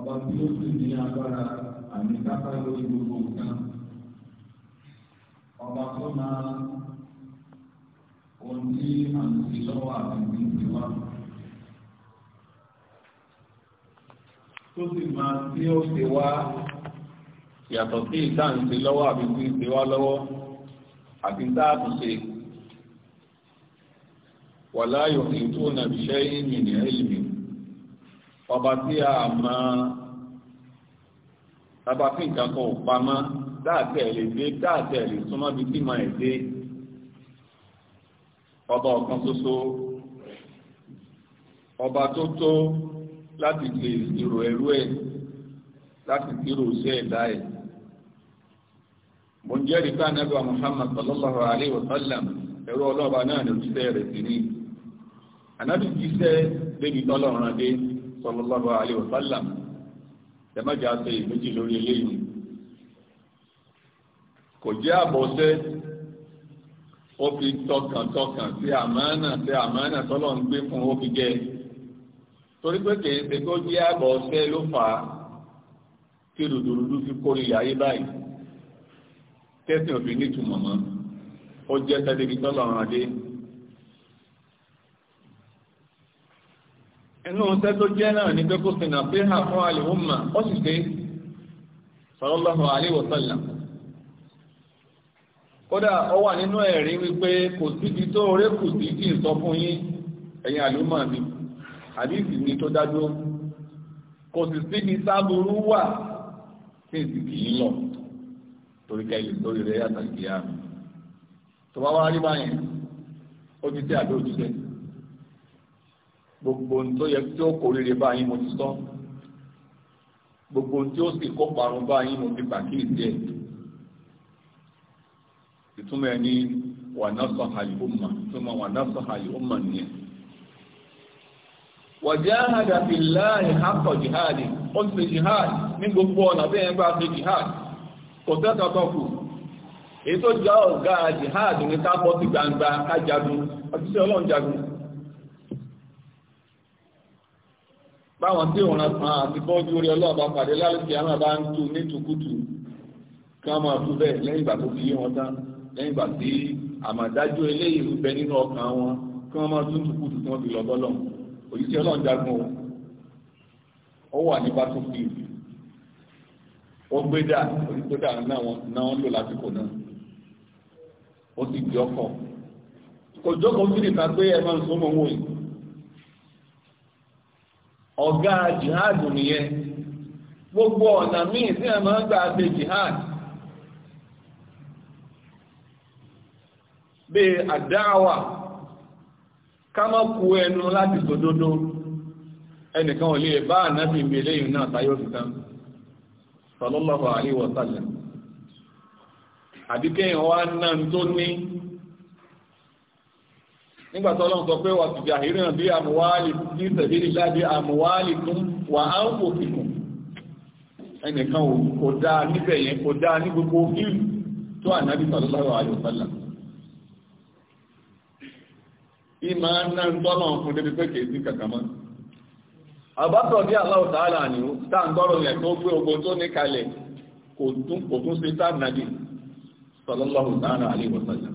ọba tí ó sì ní agbára àmì kápá lórí gbogbo nǹkan ọba tó máa ohun tí à ń ṣe lọ́wọ́ àbẹ̀bí ti wá. tó sì máa tí ó ṣe wá yàtọ̀ sí ìdáǹṣe lọ́wọ́ àbíkú ṣe wá lọ́wọ́ àti dáàbùṣe wà ní tó nàbí ṣẹ́yìn ìrìn ẹ̀lìmì ọba tí a mọ ọba tí nǹkan kan ò pamọ́ dáàtẹ̀ lè dé dáàtẹ̀ lè súnmọ́ bí tí mọ ẹ̀ dé ọba ọ̀kan ṣoṣo ọba tó tó láti lè ṣèrò ẹrú ẹ̀ láti ṣèrò iṣẹ́ ẹ̀dá ẹ̀ mo ń jẹ́rìí bá anábì Muhammad sallallahu alayhi wa sallam ẹ̀rọ ọlọ́ba náà ní òṣìṣẹ́ rẹ̀ sí ni anábì jíṣẹ́ débi tọ́lọ́run adé sallallahu alaihi wa sallam ẹ̀mẹ́jà ṣe ìméjì lórí eléyìí kò jẹ́ àbọ̀ṣẹ́ ó fi tọkàntọkàn sí àmánà sí àmánà tọ́lọ̀ ń gbé fún ó fi jẹ torí pé kì í ṣe kó jẹ́ àbọ̀ṣẹ́ ló fà á kí rùdùrùdù fi kórè ayé báyìí tẹ́sìn òfin nítumọ̀ mọ́ ó jẹ́ sẹ́dẹ̀bí tọ́lọ̀ ẹnu ọ̀sẹ́ tó jẹ́ náà ní pé kó sinà pé fún àlèhùnmà ó sì ṣe sallallahu kódà ó wà nínú ẹ̀rí wípé kò síbi tó oré kù sí kí n sọ fún yín mi àdìsí tó dájú kò sì síbi wà n gbogbo ohun yẹ tí ó kórìíre báyìí mo ti gbogbo ohun sì kó parun báyìí mo ti pàkíyèsí ẹ̀ ìtumọ̀ ẹ̀ ní wànásọ̀ àlùmọ̀ ìtumọ̀ wànásọ̀ àlùmọ̀ nìyẹn. wàjáhàdà fi jihad akọ̀ jihadi ó ti ṣe jihadi ní gbogbo ọ̀nà bí ẹn bá ṣe jihadi kò tẹ́tọ̀ tó kù èyí tó báwọn tí òun kan àti bọ́ọ̀dù orí ọlọ́ọ̀bá pàdé lálùkì àwọn bá ń tu ní tukutu kí wọ́n máa tu bẹ́ẹ̀ lẹ́yìn ìgbà tó fi yé wọn tán lẹ́yìn ìgbà tí àmàdájú eléyìí ń bẹ nínú ọkàn wọn kí wọ́n máa tún tukutu tí wọ́n fi lọ bọ́lọ̀ òyìṣẹ́ ọlọ́run jagun ó wà ní battlefield ó gbé dà orí tó dà náà wọ́n lò lásìkò náà ó sì gbé ọkọ̀ kò jókòó sí nìkan pé ẹ máa ń sọ wọ̀nyí ọ̀gá jihad nìyẹn gbogbo ọ̀nà míì tí ń gbà ṣe jihad bíi àdáwà ká má ku ẹnu láti sòdodo ẹnìkan ò lè bá ànábì mi eléyìí náà táyọ̀ tuntun sallallahu alaihi wa sallam wa ní nígbà tó Ọlọ́run sọ pé wà tùjà ìrìnà bí àmúwálì ní ìsẹ̀bílì lábí àmúwálì tún wà á ń fòfìkùn ẹnìkan kò dáa níbẹ̀ yẹn kò dáa ní gbogbo fíìmù tó ànábì sallallahu alaihi wasallam ìmọ̀ ná ń tọ́nà fún débi pé kèé sí kàkàmọ́ àbátọ̀ bí Allahu Ta'ala ni ó tá ń tọ́rọ ilẹ̀ tó gbé ogun tó ní kalẹ̀ kò tún sí sáà nàbì sallallahu Ta'ala alaihi wasallam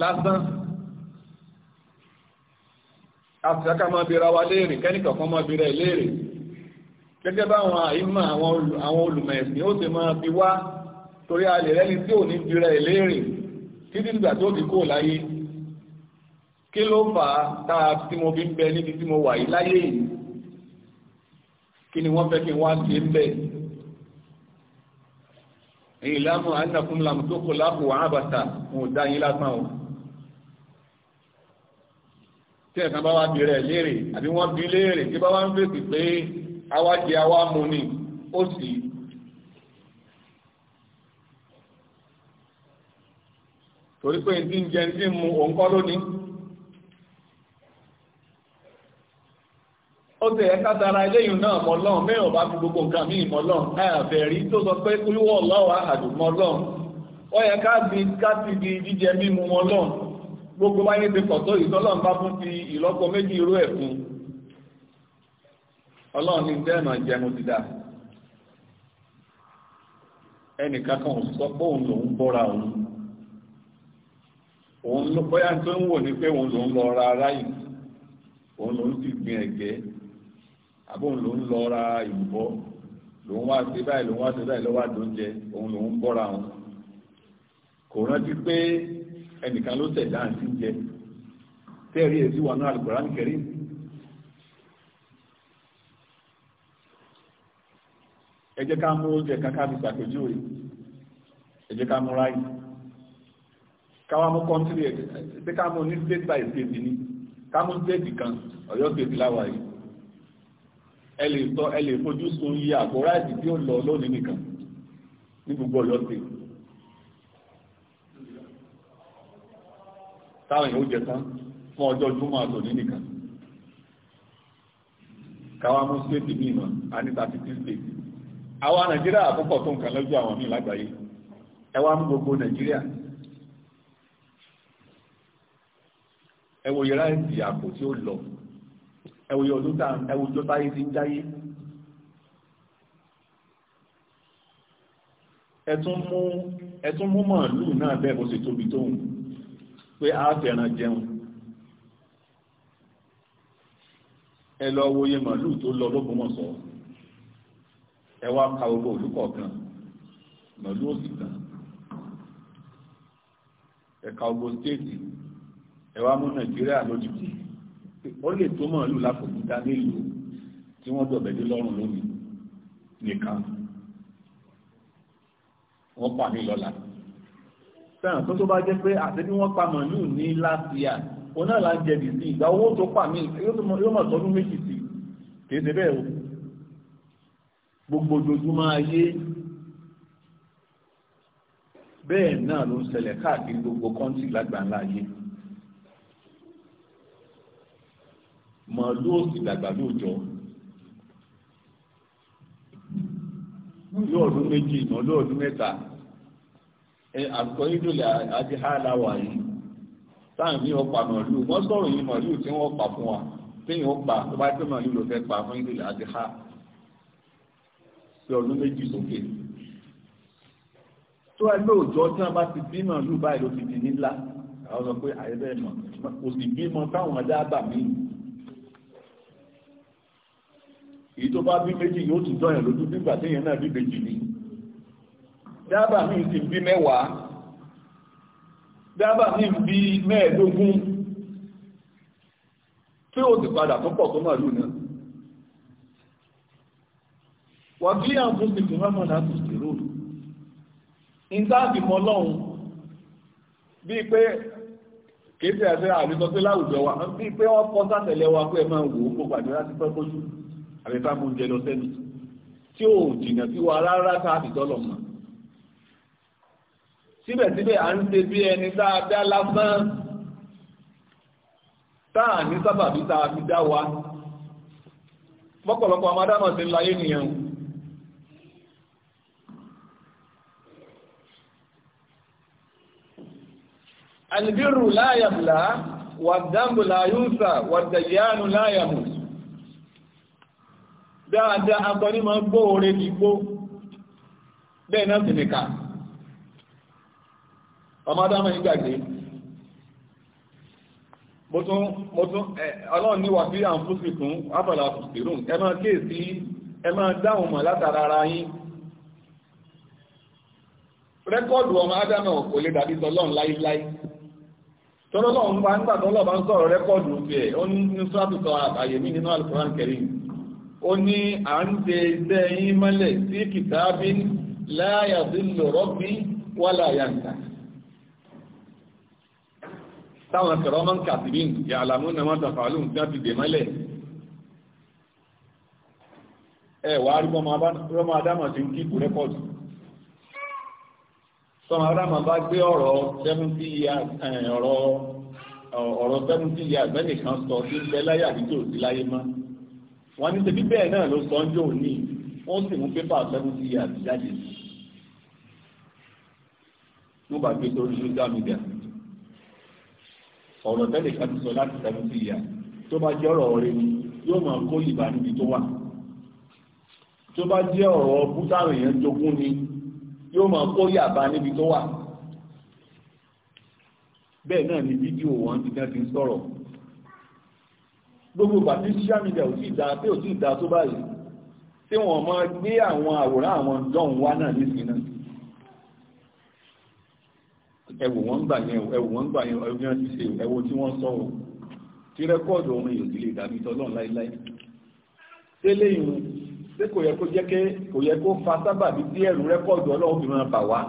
lásán àfìsáká máa bèèrè wa léèrè kẹ́nìkọ̀kan máa bèèrè léèrè gẹ́gẹ́ bá àwọn àìmọ̀ àwọn olùmẹ̀sìn ó ti máa bi wá torí a lè rẹ́ni tí ò ní bèèrè léèrè títí nígbà tó fi kó láyé kí ló fà á táa tí mo fi ń bẹ níbi tí mo wà yìí láyé yìí kí ni wọ́n fẹ́ kí wọ́n á ṣe ń bẹ̀ èyí lámù àánàkúnlámù tó kò lápò àábàtà mo dá yín lásán o tí ẹ̀sán bá wá bí rẹ̀ léèrè àbí wọ́n bí léèrè tí bá wá ń fèsì pé awájẹ awá mu ni ó sì torí pé ní jẹ ní mu òun kọ́ lónìí ó tẹ̀ ẹ́ká dára eléyìn náà mọ́lọ́n mẹ́rin bá fi gbogbo nǹkan míì mọ́lọ́n ààfẹ́ tó sọ pé kúlúwọ̀ lọ́wọ́ àdùn ó yẹ ká ti di jíjẹ mímu mọ́lọ́n gbogbo wa ní ti kọ̀tọ́ ìtọ́lọ́n bá fún ti ìlọ́po méjì irú ẹ̀ fún ọlọ́run ní dẹ́ẹ̀mà jẹun ti dá ẹnìkan kan sọ pé òun lòun bọ́ra òun òun ló bóyá tó ń wò ní pé òun lòun lọ ra ráyì òun lòun sì gbin ẹ̀gẹ́ àbóun lòun lọ ra ìbọ́ lòun wá sí báyìí lòun wá sí báyìí lọ́wọ́ àdóúnjẹ òun lòun bọ́ra òun kò rántí pé ẹnìkan ló ṣẹ̀dá àti jẹ tẹ́ẹ̀rí èsì wà náà Al-Qur'an Karim ẹ jẹ́ ká mú oúnjẹ kankan fi ṣàpèjúwe ẹ jẹ́ ká mú ráyì káwá mú kọ́ńtírì ẹ̀ ṣé ká mú ní state by state ni ká mú state kan Ọ̀yọ́ state láwa yìí ẹ lè sọ ẹ lè fojú sun iye àpò ráìsì tí ó lọ lónìí nìkan ní gbogbo Ọ̀yọ́ state táwọn èèyàn ó jẹ tán fún ọjọ́ júmọ́ àtòní nìkan káwa mú stéètì míì mọ̀ a ní thirty three stéètì àwa nàìjíríà àkọ́kọ́ tó nǹkan lọ́jọ́ àwọn míì lágbàáyé ẹ wá mú gbogbo nàìjíríà ẹ wo yẹra ẹsì àpò tí ó lọ ẹ wo yẹ ọdún tá ẹ wo jọ táyé ti ń jáyé ẹ tún mú ẹ tún mú màálù náà bẹ́ẹ̀ bó ṣe tóbi tóun pé a fẹ́ràn jẹun ẹ lọ wòye màálù tó lọ lọ́gbọ́mọ̀sọ́ ẹ wá ka gbogbo olùkọ́ kan màálù òsì kan ẹ ka gbogbo stéètì ẹ wá mú nàìjíríà lójijì ó lè tó màálù láfòkúta nílùú tí wọ́n dọ̀bẹ̀ dé lọ́rùn lónìí nìkan wọ́n pàdé lọ́la sàn tó tó bá jẹ́ pé àti wọ́n pa màálù ní last year òun náà là ń jẹ̀bi sí ìgbà owó tó pa mí yóò mọ̀ tọdún méjì sí kìí ṣe bẹ́ẹ̀ o gbogbo ojoojúmọ́ ayé bẹ́ẹ̀ náà ló ń ṣẹlẹ̀ káàkiri gbogbo kọ́ńtì lágbàńlá ayé màálù òsì dàgbà lóòjọ́ yóò ọdún méjì màálù ọdún mẹ́ta àgbọ̀ ìdòlẹ̀ àjíhá aláwà yìí táàmì ní ọpa màálù wọ́n sọ̀rọ̀ yìí màálù tí wọ́n pa fún wa téèyàn pa tó bá pé màálù ló fẹ́ pa fún ìdòlẹ̀ àjíhá pé ọdún méjì sókè tó ẹgbẹ́ òjò tí wọ́n bá ti bí màálù báyìí ló ti di nílá àwọn sọ pé àyẹ̀bẹ̀ mọ̀ kò sì bímọ táwọn adáàbà míì èyí tó bá bí méjì yóò tún dọ̀yàn lójú nígbà téèyàn náà bí méjì nìyí dábà mi sì bí mẹ́wàá dábà mi bí mẹ́ẹ̀ẹ́dógún tí ó ti padà tó pọ̀ tó máa lù náà wà kí àwọn tó ti máa láti ìrò ìtàbí mọ́ lọ́hun bíi pé kéèsì àti àrísọ pé láwùjọ wa bíi pé wọ́n kọ́ sátẹ̀lẹ̀ wa pé máa wò ó kó pàdé láti pẹ́ kójú àrífà mú jẹ lọ sẹ́ni tí ó jìnà sí wa rárá sáàbì tọ́lọ̀ mọ́ síbẹ̀síbẹ̀ à ń ṣe bí ẹni tá a dá lásán táà ní sábàbí tá a fi dá wa pọ́pọ̀lọpọ̀ amádámọ̀ ti ń láyé nìyẹn alìbírù láyàbùlá wàdánbù láyúsà wàdàyánù láyàmù dáadáa agbọ́ní ma ń gbóòrè dìgbó bẹ́ẹ̀ náà sì nìkan ọmọ adámọ̀ yìí gbàgbé mo tún mo tún ọlọ́run ní wà sí àǹfúsì fún afọlá fìrún ẹ máa kéèsí ẹ máa dáhùn mọ̀ látara ara yín rẹ́kọ́ọ̀dù ọmọ adámọ̀ kò lè dàbí tọlọ́run láíláí tọ́lọ́lọ́run bá ń gbà tọ́lọ́ bá ń sọ̀rọ̀ rẹ́kọ́ọ̀dù tiẹ̀ ó ní sọ́tùtọ̀ àyè mí nínú alukoran kẹrin ó ní à ń ṣe iṣẹ́ mọ́lẹ̀ sí kìtàbí láyà sí lọ́rọ́ táwọn kẹrọmọ́n kàtìrín yàlàmú na wọ́n tàfàálù tí wọ́n ti dè mọ́lẹ̀ ẹ wà á rí rọmọ adámọ̀ tí ń kíkù rẹ́kọ̀dù sọmọ adámọ̀ bá gbé ọ̀rọ̀ 70 years ọ̀rọ̀ ọ̀rọ̀ 70 years mẹ́nìkan sọ sí ilẹ̀ láyé àdíjò sí láyé mọ́ wọ́n ní tẹbí bẹ́ẹ̀ náà ló sọ ń jò ní wọ́n sì mú pépà 70 years jáde mo bá sórí social media ọ̀rọ̀ tẹ́lẹ̀ ká ti sọ láti seventy years tó bá jẹ́ ọ̀rọ̀ ọ̀rẹ́ ni yóò máa kó ìbà tó wà tó bá jẹ́ ọ̀rọ̀ ọbú táwọn èèyàn jogún ni yóò máa kó yàbá níbi tó wà bẹ́ẹ̀ náà ni fídíò wọn ti tẹ́ ti ń sọ̀rọ̀ gbogbo ìgbà tí social media ò tí dáa pé ò tí dáa tó báyìí tí wọ́n máa gbé àwọn àwòrán àwọn dọ́hùn wá náà nísìnyí náà ẹwù wọn gbà yẹn o ẹwù wọn gbà yẹn o ẹwù yẹn ti ṣe o ẹwù tí wọ́n sọ o tí rẹ́kọ́ọ̀dù ọmọ èèyàn ti lè dàbí tọ́lọ́run láíláí tẹ́lẹ̀ ìhun pé kò yẹ kó jẹ́ pé kò yẹ kó fa sábàbí tí ẹ̀rù rẹ́kọ́ọ̀dù ọlọ́run fi máa bà wá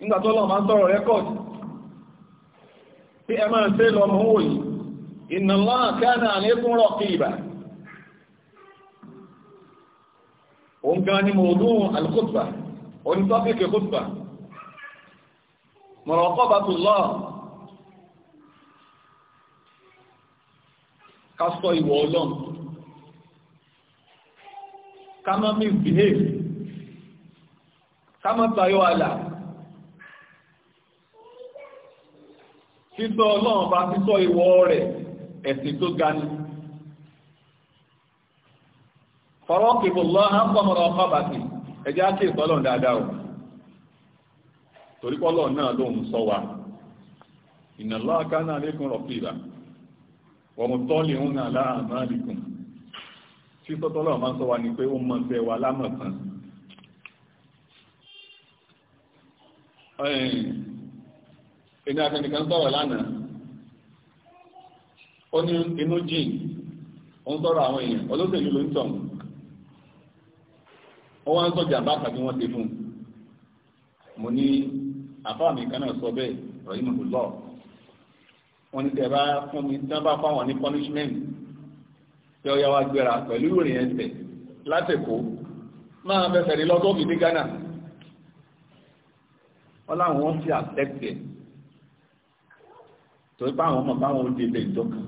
nígbà tọ́lọ́run máa ń sọ̀rọ̀ rẹ́kọ́ọ̀dù pé ẹ máa ń ṣe lọ mọ́ òyì inna Allah kana alaykum raqiba òun gan ni mòdún al-khutbah onítọ́fíìkì khutbah muraqabatullah ká sọ ìwọ̀ ọlọ́run ká má misbehave ká kama tayọ àlà títọ́ bá títọ́ ìwọ̀ rẹ̀ ẹ̀sìn tó ga ni faraqibullaha ha muraqabati ẹjẹ́ á kí ìtọ́lọ̀ dáadáa torí pọ́lọ̀ náà ló ń sọ wa ìnàlọ́ akáná alékún rọ̀pìlà wọ̀mù tọ́lì ń nà láàmà àlìkùn tí sọ́tọ́lọ̀ máa ń sọ wa ni pé ó mọ̀ fẹ́ wa lámọ̀kan ẹni akẹ́nìkan sọ̀rọ̀ lánàá ó ní inú jìn ó ń sọ̀rọ̀ àwọn èèyàn olóṣèlú ló ń tọ̀ wọ́n wá ń sọ jàmbá tàbí wọ́n ti fún mo ní àfáà mi kan náà sọ bẹ́ẹ̀ rọ̀yìn mọ̀ lọ. wọ́n ní tẹ̀bá fún mi tí wọ́n bá fáwọn ní punishment tí ọya wa gbéra pẹ̀lú ìròyìn ẹsẹ̀ látẹ̀kọ́ máa fẹsẹ̀ ní lọ́tọ́ọ̀fì ní Ghana. wọ́n láwọn wọ́n ti àtẹ́kẹ̀ torí pé àwọn ọmọ báwọn ó débẹ̀ ìjọkan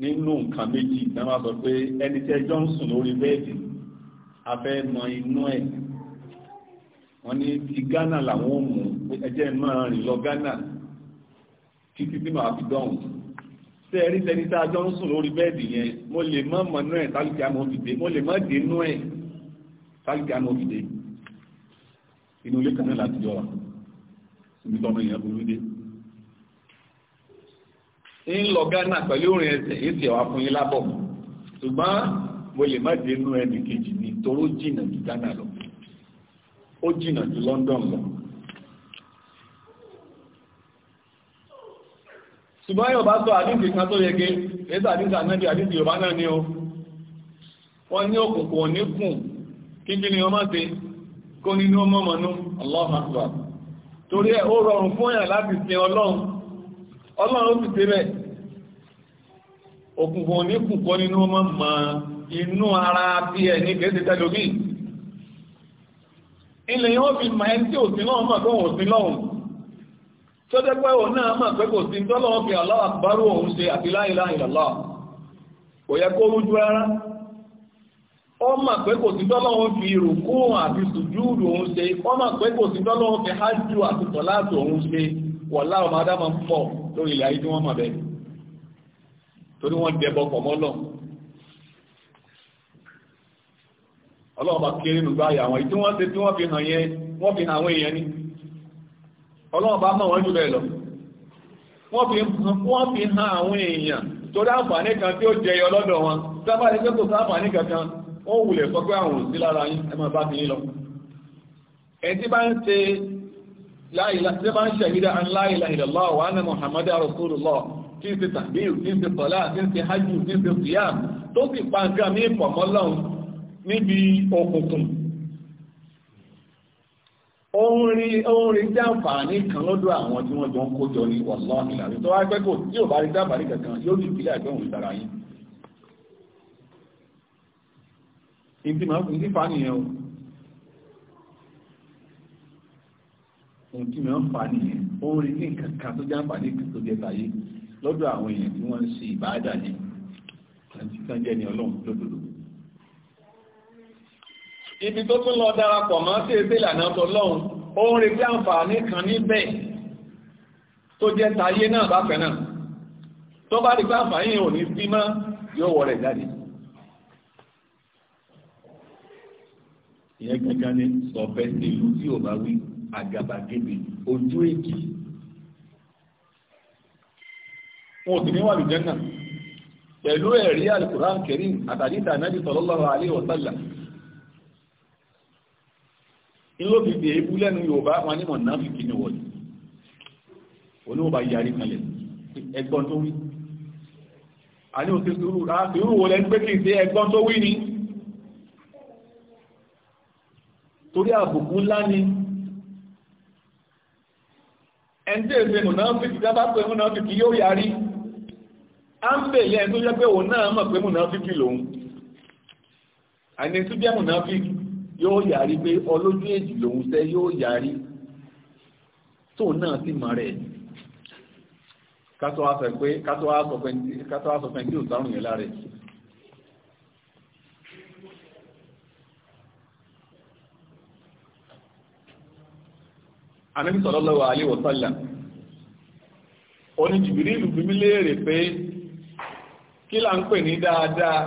nínú nǹkan méjì tí wọ́n bá sọ pé ẹni tí ẹjọ́ ń sùn lórí bẹ́ẹ̀dì afẹ́ mọ inú ẹ̀ wọ́n ní ti Ghana làwọn ò mú ẹjẹ́ máa rìn lọ Ghana títí tí màá fi dọ̀hùn tẹ́ ẹ rí tẹni tá a jọ ń sùn lórí bẹ́ẹ̀dì yẹn mo lè mọ́ mọ̀nú ẹ̀ tálíkì amófìdé mo lè mọ́ dénú ẹ̀ tálíkì amófìdé inú ilé kan náà láti jọ wa níbi tọ́mọ èèyàn burú dé ń lọ Ghana pẹ̀lú orin ẹsẹ̀ èsì ẹ̀wà fún yín lábọ̀ ṣùgbọ́n mo lè má dénú ẹnì kejì ní toró jìnnà ju Ghana lọ ó jìnà ju London lọ ṣùgbọ́n yóò bá sọ àdínkì kan tó yege àdínkì àdínkì Yorùbá náà ni wọ́n ní òkùnkùn òní kùn ni wọ́n máa ṣe kó nínú mọ́mọ́nú torí ẹ̀ ó rọrùn fún láti sin Ọlọ́run Ọlọ́run òkùnkùn òní kùn nínú mọ́mọ́ inú ara bí ẹ̀ ní kẹ́sì tẹ́lómìn ilẹ̀ yẹn wọ́n fi mọ ẹni tí òsín lọ́wọ́ mọ̀ tó òsín lọ́wọ́ tó jẹ́ pé òun náà mọ̀ pé kò sí tó lọ́wọ́ fi Allahu Akbar òun ṣe àti la ilaha illallah kò yẹ kó rújú rárá ó mọ̀ pé kò sí tọ́lọ́wọ́ fi ìrùkú àti sùjúùdù òun ṣe ó mọ̀ pé kò sí ọlọ́ọ̀bà kéré nùgbà àyà àwọn ìtí wọ́n tí wọ́n fi hàn yẹn wọ́n ni ọlọ́ọ̀bà mọ̀ wọ́n jù bẹ́ẹ̀ lọ wọ́n fi hàn àwọn èèyàn torí àǹfààní kan tí ó jẹyọ lọ́dọ̀ wọn sábà ní pé kò kankan ó wùlẹ̀ sọ pé àwọn òsì lára yín bá lọ ẹni tí bá ń tí bá níbi òkùnkùn òun rí jàǹfààní kan lọ́dọ̀ àwọn tí wọ́n jọ ń kójọ ní wọ̀sán ìlàrí tó wáyé pẹ́kò tí ò bá rí jàǹfààní kankan yóò di ìpìlẹ̀ àgbẹ̀hùn ìtara yìí ibi máa ń fa nìyẹn o ohun tí máa ń fa nìyẹn òun rí ní nǹkan kan tó jàǹfààní kan tó jẹ tàyé lọ́dọ̀ àwọn èèyàn tí wọ́n ń ṣe ìbáàdà ní ọlọ́run lódodo ibi tó tún lọ darapọ̀ mọ́ sí èsè ìlànà tọ́lọ́hun ó ń retí àǹfààní kan níbẹ̀ tó jẹ́ tayé náà bákan náà tó bá rí pé àǹfààní ò ní sí mọ́ yóò wọ rẹ̀ jáde ìyẹn gẹ́gẹ́ ní sọ̀fẹ́ ìlú tí ò bá wí àgàbàgebè ojú èkì wọn ò sì ní wà lùjẹ́ náà pẹ̀lú ẹ̀rí Al-Qur'an Karim àtàdítà náà ti sallallahu alaihi ìlóbìbì èébú lẹ́nu Yorùbá wọn ní mọ̀nà fi kí ni wọ́n ni oníwọ̀n bá yarí kanlẹ̀ ẹgbọ́n tó wí a ní òsè sùúrù a sùúrù wọlé ń pé kí n sí ẹgbọ́n tó wí ni torí àbùkù ńlá ni ẹni tí èsè mọ̀nà fi kí dábàá pé mọ̀nà fi kí yóò yarí a ń bèèlè ẹni tó jẹ́ pé òun náà mọ̀ pé mọ̀nà fi kí lòun àìní tó jẹ́ mọ̀nà fi kí yóò yarí pé ọlójú èjì lòun sẹ́ yóò yarí tóun náà sì mọ̀ rẹ̀ kátó wá pé kátó wá kátó wá sọ pé yẹn lára ẹ̀. Ànábì sallallahu alaihi wa sallam léèrè pé kí là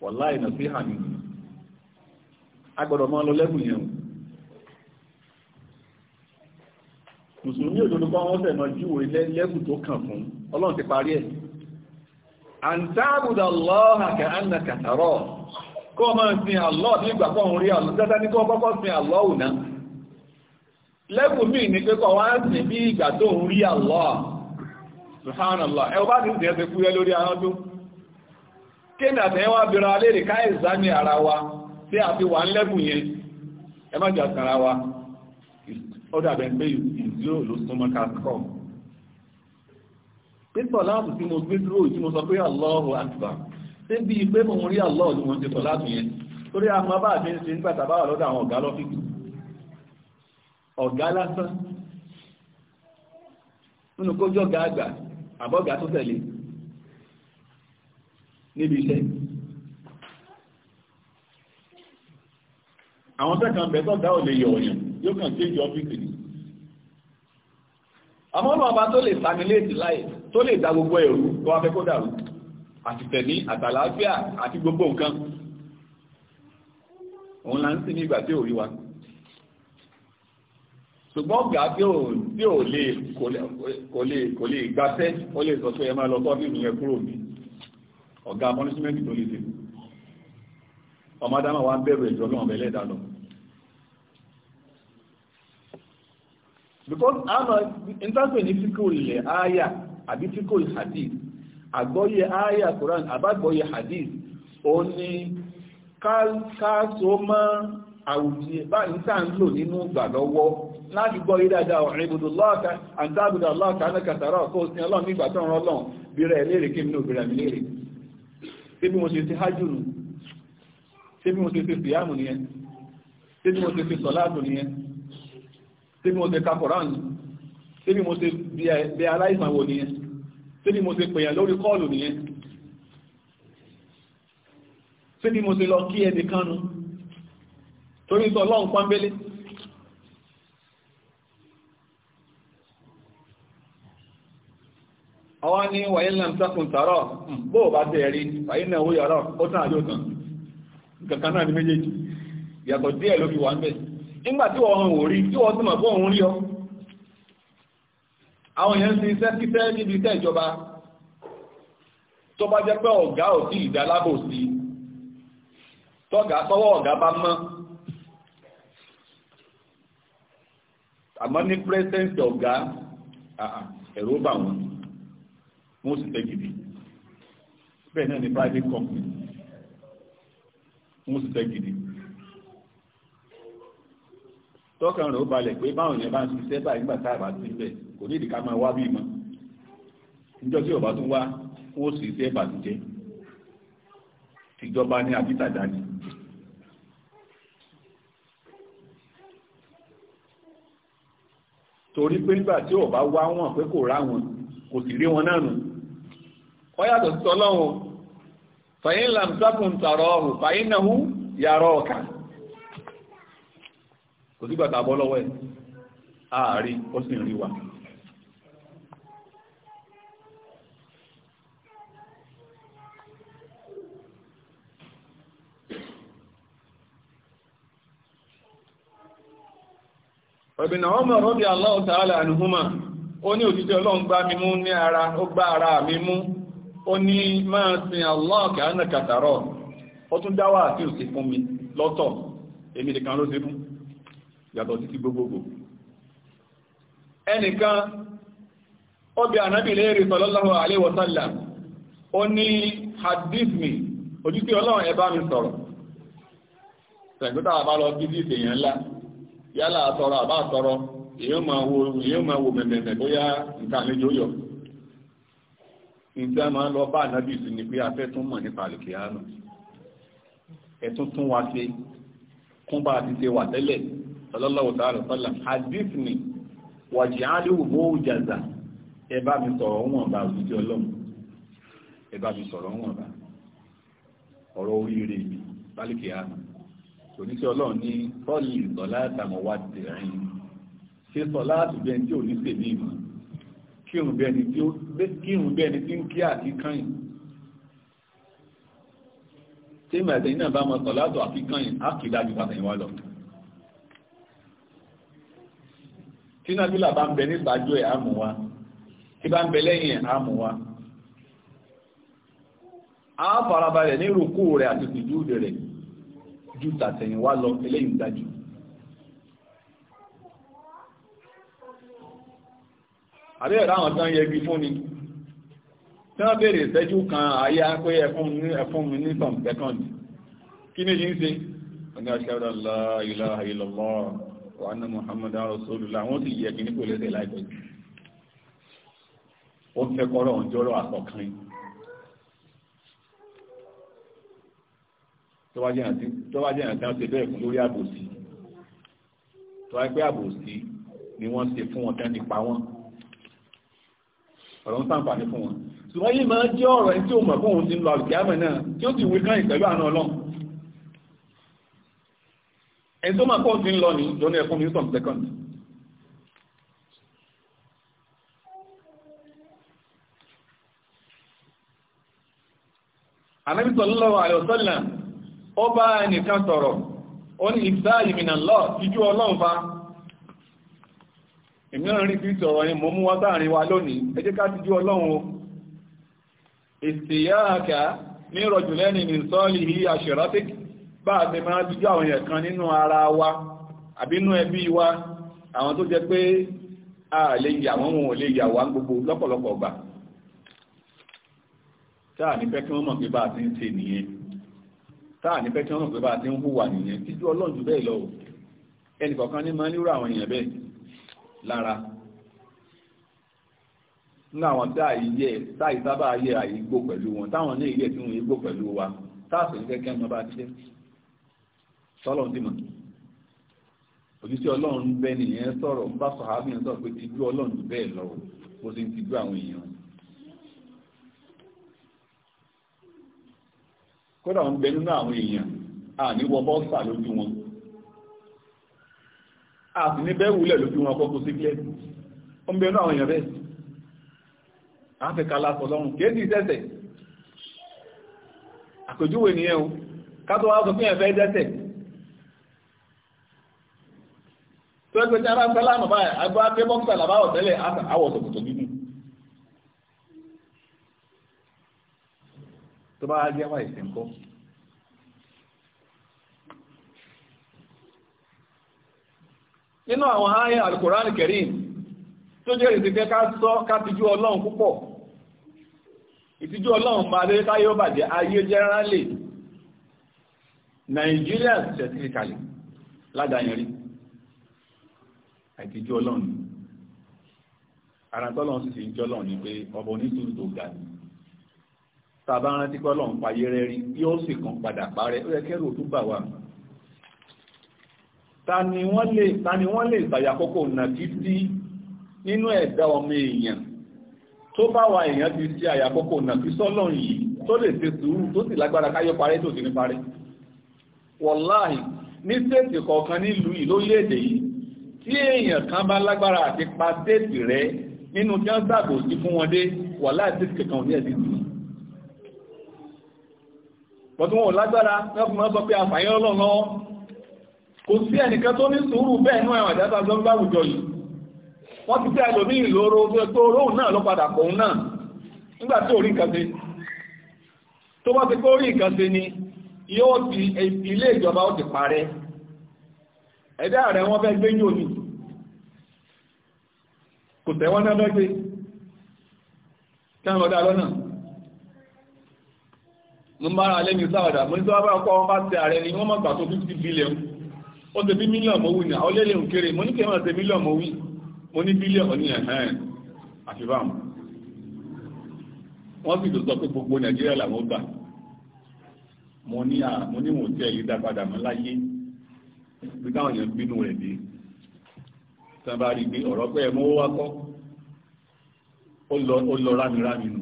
wọ̀lá ị sí hàn ha máa lọ lẹ́bùn yẹn mùsùlùmí òdodo bá wọ́n sẹ̀mọ̀ júwe lẹ́bùn tó kàn fún ọlọ́run ti parí ẹ̀ àǹtàbùdà lọ́ọ̀hà kẹ́ ànà kàtàrọ̀ kọ́ máa sin àlọ́ ní ìgbà kan rí àlọ́ dáadáa ní kọ́ kọ́kọ́ sin àlọ́ òná lẹ́bùn míì ní pé kọ́ bí ìgbà tó ń rí àlọ́ kéèmì àtẹ́wà bèèrè alẹ́ rẹ̀ ká ìzámi ara wa tí a fi wà ń lẹ́bùn yẹn ẹ má jàkà ara wa ọdọ̀ àbẹ̀ pé ìzírò ló súnmọ́ ká kọ́ pípọ̀ láàbù tí mo gbé dúró tí mo sọ pé Allahu Akbar tí bí pé mo rí Allah ni mo ti sọ láti yẹn torí a máa bá àti ń ṣe nígbà tàbá wà lọ́dọ̀ àwọn ọ̀gá lọ́fíìsì ọ̀gá lásán nínú kójọ́ gàgbà àbọ̀gà tó tẹ̀lé níbi iṣẹ́ àwọn tẹ́kàn bẹ̀tọ́ dá ò lè yọ ọ̀yàn yóò kàn tí ìjọ ọ́fíìsì ni àmọ́ ọ̀nà ọba tó lè saniléètì láì tó lè dá gbogbo ẹ̀rù tó wá fẹ́ kó dàrú àti tẹ̀ní àtàlàáfíà àti gbogbo nǹkan òun la ń sìn ní ìgbà tí ò rí wa ṣùgbọ́n ọ̀gá tí ò lè kò lè gbafẹ́ ó lè sọ pé ẹ máa lọ sọ́fíìsì yẹn kúrò ní ọ̀gá punishment tó lè ṣe ọmọ adámà wa bẹ̀rù ẹ̀jọ́ lọ́wọ́ bẹ̀lẹ̀ ìdá lọ because àwọn ìtàkùn ní fíkò ilẹ̀ àyà àbí fíkò hadith àgbọ́yé àyà Quran àbágbọ́yé hadith ó ní káàsó mọ́ àwùjẹ báyìí tá ń lò nínú ìgbà lọ́wọ́ láti gbọ́ yí dáadáa ọ̀rẹ́ ibùdó lọ́ọ̀ta àti dábùdó aláàkà alákàtàrà ọ̀kọ́ òsìn ọlọ́run nígbà tó ń rọ́lọ́run bí rẹ̀ lérè kí nínú obìnrin mi lérè ṣé bí mo ṣe ti hajjùrù ṣé bí mo ṣe ti fìyàmù nìyẹn ṣé bí mo ṣe ti sọ̀láàtù nìyẹn ṣé bí mo ṣe ka Kùránì ṣé bí mo ṣe bẹ aláìsàn wò nìyẹn ṣé bí mo ṣe pèyàn lórí kọ́ọ̀lù nìyẹn ṣé bí mo ṣe lọ kí ẹnìkan nu torí sọ ọlọ́run àwọn ní wàyín hmm, náà tẹ́kùn tààrọ̀ bó bá tẹ̀ẹ̀rí wàyín náà wóyọ̀ rọ̀ ó tàn àjò tàn kankan náà ní méjèèjì yàtọ̀ díẹ̀ ló fi wà ń bẹ̀ nígbà tí wọ́n ò rí tí wọ́n tún mọ̀ fún òun rí ọ àwọn èèyàn ti iṣẹ́ kíṣẹ́ níbi iṣẹ́ ìjọba tó bá jẹ́ pé ọ̀gá ò sí ìdálábò sí tọ́gà tọ́wọ́ ọ̀gá bá mọ́ àmọ́ ní pírẹ́sẹ̀ǹsì ọ̀gá ẹ̀rọ bà wọ́n wọ́n sì tẹ́gìdì bẹ́ẹ̀ náà ni private company wọ́n sì tẹ́gìdì tọ́kàn rẹ̀ ó balẹ̀ pé báwọn èèyàn bá ń ṣiṣẹ́ báyìí nígbà tá a bá ti bẹ̀ kò ní ìdíkà máa wá bí mọ́ níjọ́ tí ọba tún wá wọ́n sì ṣe bàtújẹ́ tìjọba ní àbítàdá ni. torí pé nígbà tí ọba wá wọn pé kò rá wọn kò sì rí wọn náà nù ọ̀yàtọ̀ sí ọlọ́run o fàyín làm sákùn tààrọ náà yàrá ọ̀kà kò sí gbàtà lọ́wọ́ ẹ̀ ààrí ó sì rí wa Ibn Umar radiyallahu ta'ala anhuma ó ní òjíṣẹ́ ọlọ́run gbá mi ní ara ó gbá ó ní máa sin Allah kàánà kàtàrọ̀ ó tún dáwà àti òsì fún mi lọ́tọ̀ èmi nìkan ló sí fún yàtọ̀ títí gbogbogbò ẹnìkan ó bi ànábì léèrè sallallahu alaihi ó ní hadith mi ojúkí ọlọ́run ẹ bá mi sọ̀rọ̀ àbá lọ ìgbà máa lọ bá ànábì sí ni pé afẹ́ tún mọ̀ nípa àlùkìyàmù ẹ̀tún tún wá sí kún bá ti ṣe wà tẹ́lẹ̀ sallallahu ta'ala sallam hadith ni wàjí alihu bó jàzà ẹ bá mi sọ̀rọ̀ wọn bá òjijì ọlọ́run ẹ bá mi sọ̀rọ̀ wọn bá ọ̀rọ̀ oríire mi lálùkìyàmù oníṣẹ́ ọlọ́run ní sọ́ọ̀lì ìsọ̀lá àtàmọ̀wá tẹ̀rín ṣe sọ̀lá àtúgbẹ́ntì oníṣẹ́ mi mọ̀ kírun bẹ́ẹ̀ni tí ń kí àti kányìn tí ìmọ̀ ẹ̀tẹ̀ iná bá mọ̀ sọ látọ̀ àti kányìn á kì dájú pàtàkì wá lọ tí nábílà bá ń bẹ ní ìsájú ẹ̀ àmù wa tí bá ń bẹ lẹ́yìn ẹ̀ àmù wa á farabalẹ̀ ní ìrùkú rẹ̀ àti ìtìjú rẹ̀ ju tàtẹ̀yìn wá lọ eléyìí dájú àbẹ́ẹ̀rẹ́ àwọn tán yẹgi fún ni tí wọ́n bèèrè ìṣẹ́jú kan ayé pé ẹfún mi ní some second kí ní yí ń ṣe ọ̀nà ashhadu an la ilaha illallah wa anna muhammadan rasulullah wọ́n sì yẹgi ní pẹ̀lẹ́sẹ̀ láìpẹ́ ó ń fẹ́ kọ́rọ̀ ọ̀njọ́rọ̀ àsọ̀kan tó bá jẹ́ àti ṣe bẹ́ẹ̀ fún lórí àbòsí tó wáyé pé àbòsí ni wọ́n se fún wọn tán nípa wọn ọ̀rọ̀ ń sàǹfààní fún wọn ṣùgbọ́n yìí máa jẹ́ ọ̀rọ̀ ẹni tí ó mọ̀ fún òun ti ń lọ àlùkìyàmọ̀ náà tí ó sì wí káyìn pẹ̀lú àánú ọlọ́run ẹni tó máa pọ̀ ti ń lọ ní lónìí ẹ̀fún mi some second Ànábì sallallahu alaihi wasallam ó bá ẹnìkan sọ̀rọ̀ ó ní ìfẹ́ ìmìnà lọ́ọ̀ tíjú ọlọ́run fa èmi náà rí bí sọ̀rọ̀ yẹn mọ́ mú wá sáàrin wa lónìí ẹ jẹ́ ká ti jú ọlọ́run o ìsìyáàkà ní rọ̀jù lẹ́ni ní sọ́ọ̀lì yìí àṣẹ̀rọ́tìk bá a ti jú àwọn èèyàn kan nínú ara wa àbínú ẹbí wa àwọn tó jẹ́ pé a lè yà wọ́n wọn ò lè yà wá gbogbo lọ́pọ̀lọpọ̀ gbà táà ní fẹ́ kí wọ́n mọ̀ pé bá a ti ń ṣe nìyẹn táà ní fẹ́ kí wọ́n mọ̀ pé bá ti ń hùwà nìyẹn lára nínú àwọn tá àyè tá ìsábà ayé àyígbò pẹ̀lú wọn táwọn ní ilé tí wọn yígbò pẹ̀lú wa táàsì kẹ́kẹ́ mọ́ bá ti dé dìmọ̀ òjíṣẹ́ ọlọ́run bẹ́ nìyẹn sọ̀rọ̀ bá sọ̀hábì yẹn sọ̀rọ̀ pé ti dú ọlọ́run bẹ́ẹ̀ lọ bó ti ń ti dú àwọn èèyàn kódà ń bẹ nínú àwọn èèyàn àníwọ̀ bọ́ọ̀sà lójú wọn àti ní bẹ́ẹ̀ wúlẹ̀ lójú wọn kọ́kọ́ sí gílẹ̀ ó ń bẹ̀rù àwọn èèyàn bẹ́ẹ̀ áfíkà lásọ lọ́rùn kéèdì tẹ́sẹ̀ àpèjúwe nìyẹn o kátó wá sọ fún ẹ̀fẹ́ tẹ́sẹ̀ tó ẹgbẹ́ tí a bá ń sẹ́lá àmọ́ báyìí agbó agbé bọ́kítà làbáwọ̀ tẹ́lẹ̀ àwọ̀ sọ̀tọ̀tọ̀ nínú tó bá jẹ́ wáyé sí ń kọ́ nínú àwọn ayé alkùránì kẹrin tó jẹ́ ìsìnkẹ́ ká sọ kátijú ọlọ́run púpọ̀ ìtijú ọlọ́run bá lé káyọ́ bàjẹ́ ayé generally Nigeria specifically ládàáyẹrí àìtijú ọlọ́run ara tọ́lọ́run sì ti ń jọ́lọ́run ni pé ọba onítùú tó ga ni tàbá rántí pé ọlọ́run payé rẹ́rí yóò sì kàn padà parẹ́ ó yẹ kẹ́rù tó bà wà mí ta ni wọ́n lè ta ni wọ́n lè ìsàyàkókò nà títí nínú ẹ̀dá ọmọ èèyàn tó bá wa èèyàn ti ṣe àyàkókò nà tí sọ́lọ̀ yìí tó lè ṣe sùúrù tó sì lágbára káyọ́ parẹ́ tó sì ní parẹ́ wọ̀láì ní stéètì kọ̀ọ̀kan nílùú yìí yìí tí èèyàn kan bá lágbára àti pa stéètì rẹ nínú tí wọ́n gbàgbò sí fún wọn dé wọ̀láì stéètì kankan ní ẹ̀sìn sí bọ́tún wọn ò lágbára wọ́n fi mọ́ sọ pé àfàyàn ọlọ́run lọ́wọ́ kò sí ẹnìkan tó ní sùúrù bẹ́ẹ̀ nú ẹ̀wọ̀n ìdáta tó ń bá àwùjọ yìí wọ́n ti tẹ́ ẹlòmí ìloro tó róhùn náà ló padà pòun náà nígbà tí orí nǹkan tó bá ti kó orí nǹkan ni yóò ti ilé ìjọba ó ti parẹ́ ẹ̀dá rẹ̀ wọ́n fẹ́ gbé yóò ní kò tẹ́wọ́n náà fẹ́ gbé tẹ́wọ́n lọ́dá lọ́nà mo bára lẹ́mi sáwàdà mo ní tí bá kọ́ wọn bá ti ààrẹ ni wọ́n mọ̀ gbà tó 50 billion ó ṣe bí mílíọ̀nù mọ́wí ní àwọn olóòlè òkèrè mo ní kí wọ́n ṣe mílíọ̀nù mọ́wí mo ní bílíọ̀nù ní ẹ̀hẹ́n àfihàn wọ́n sì tó sọ pé gbogbo nàìjíríà làwọn gbà mo ní wọn tí ẹ̀yí dá padà mọ́ láyé bí táwọn èèyàn bínú rẹ̀ dé sábà rí pé ọ̀rọ̀ pé ẹ̀mọ́ wá kọ́ ó lọ rámi nù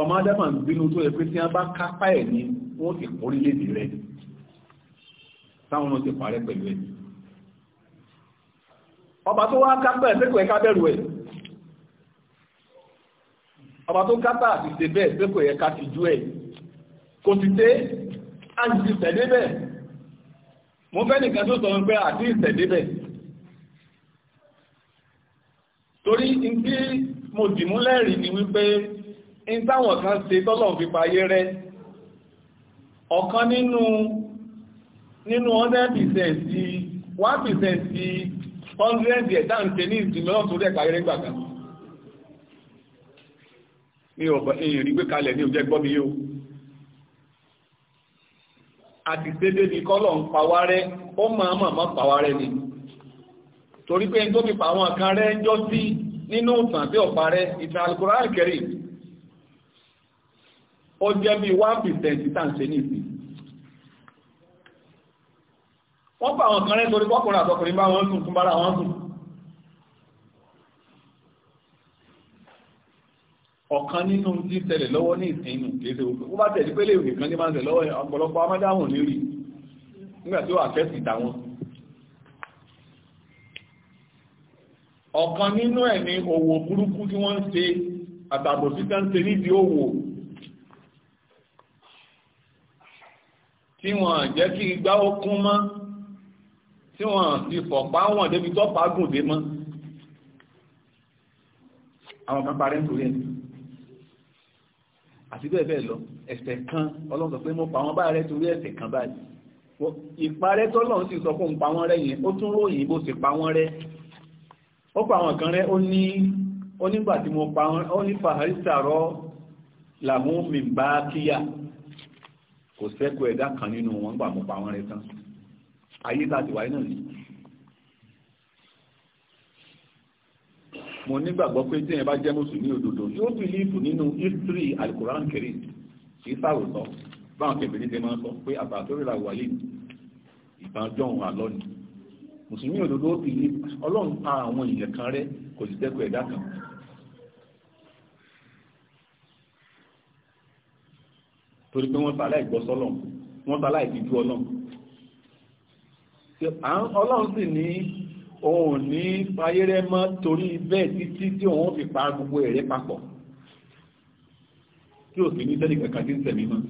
ọmọ adámà ń bínú tó yẹ pé tí wọ́n bá kápá ẹ̀ ní wọ́n sì kórìlédè rẹ̀ táwọn ọmọ ti parẹ́ pẹ̀lú ẹ̀ ọba tó wá kápẹ́ ẹ̀sẹ́kọ̀ọ́ ẹ̀ká bẹ̀rù ẹ̀ ọba tó kápẹ́ àti ṣe bẹ́ẹ̀ ẹ̀sẹ́kọ̀ọ́ ẹ̀ká ti jú ẹ̀ kò sì tẹ́ àti ti tẹ̀lé bẹ́ẹ̀ mo fẹ́ nìkan tó sọ pé àti ìtẹ̀lé bẹ́ẹ̀ torí ní mo dìmú lẹ́rìí ni wípé ń táwọn kan ṣe tọ́lọ̀ fi payé rẹ ọ̀kan nínú nínú 100% sí 1% sí 100 díẹ̀ dáǹtẹ ní ìdìmọ́ tó rẹ̀ pàrẹ́ gbàgbà ní ọ̀bọ̀ èyàn rí gbé kalẹ̀ ní òjẹ́ gbọ́mi yóò àti sédé ní kọ́lọ̀ ń pàwárẹ́ ó máa mọ̀ mọ́ pàwárẹ́ ni torí pé tó fi pàwọn kan rẹ̀ ń jọ sí nínú ìtàn tí ọ̀pá rẹ̀ ìtàn Al-Qur'an Al-Karim ó jẹ́ bí wọ́n pa àwọn kan rẹ́ torí pọ́kùnrin àtọkùnrin bá wọn sùn tún bára wọn sùn ọ̀kan nínú tí tẹ̀lẹ̀ lọ́wọ́ ní ìsinmi kéèsè ó bá tẹ̀lé pélé ìwé kan ní máa ń tẹ̀ lọ́wọ́ ọ̀pọ̀lọpọ̀ amádáhùn lérí nígbà tí ó àfẹ́sì ìdáwọn ọ̀kan nínú ẹ̀ ni òwò burúkú tí wọ́n ń ṣe àtàbò títà ń ṣe níbi òwò tí wọ́n jẹ́ kí igbá ó kún mọ́ tí wọ́n ti fọ̀pá wọn débi tó pàágùn dé mọ́ àwọn kan parí nítorí ẹni àti bẹ́ẹ̀ bẹ́ẹ̀ lọ ẹ̀ṣẹ̀ kan Ọlọ́run sọ pé mo pa wọn bá rẹ torí ẹ̀ṣẹ̀ kan báyìí ìparẹ́ tó lọ́run sì sọ fún un pa wọ́n rẹ yẹn ó tún ròyìn bó ti pa wọ́n rẹ ó pa àwọn kan rẹ ó ní onígbà tí mo pa wọ́n ó ní fàárísà rọ bá kíyà kò sẹ́kù ẹ̀dá kan nínú wọn gbà mo pa wọ́n rẹ tán ayé tá a ti wáyé náà ni mo nígbàgbọ́ pé tí yẹn bá jẹ́ mùsùlùmí òdodo yóò bìlífù nínú history alukoran kiri kì í sàròsọ báwọn kẹfìrí ti máa ń sọ pé àbàtórè la wàlẹ́ ìbọn jọ̀hún àlọ́ ni mùsùlùmí òdodo ó bìlífù ọlọ́run pa àwọn èèyàn kan rẹ́ kò sì dẹ́kun ẹ̀dá kan. torí pé wọ́n ta aláìgbọ́sọ́lọ̀ wọ́n ta aláìfijú ọlọ́run ọlọ́run sì ní òun ní ayérẹ́ mọ́ torí bẹ́ẹ̀ títí tí òun fi pa gbogbo ẹ̀rẹ́ papọ̀ tí ò sì ní sẹ́lì kankan tí ń tẹ̀mí mọ́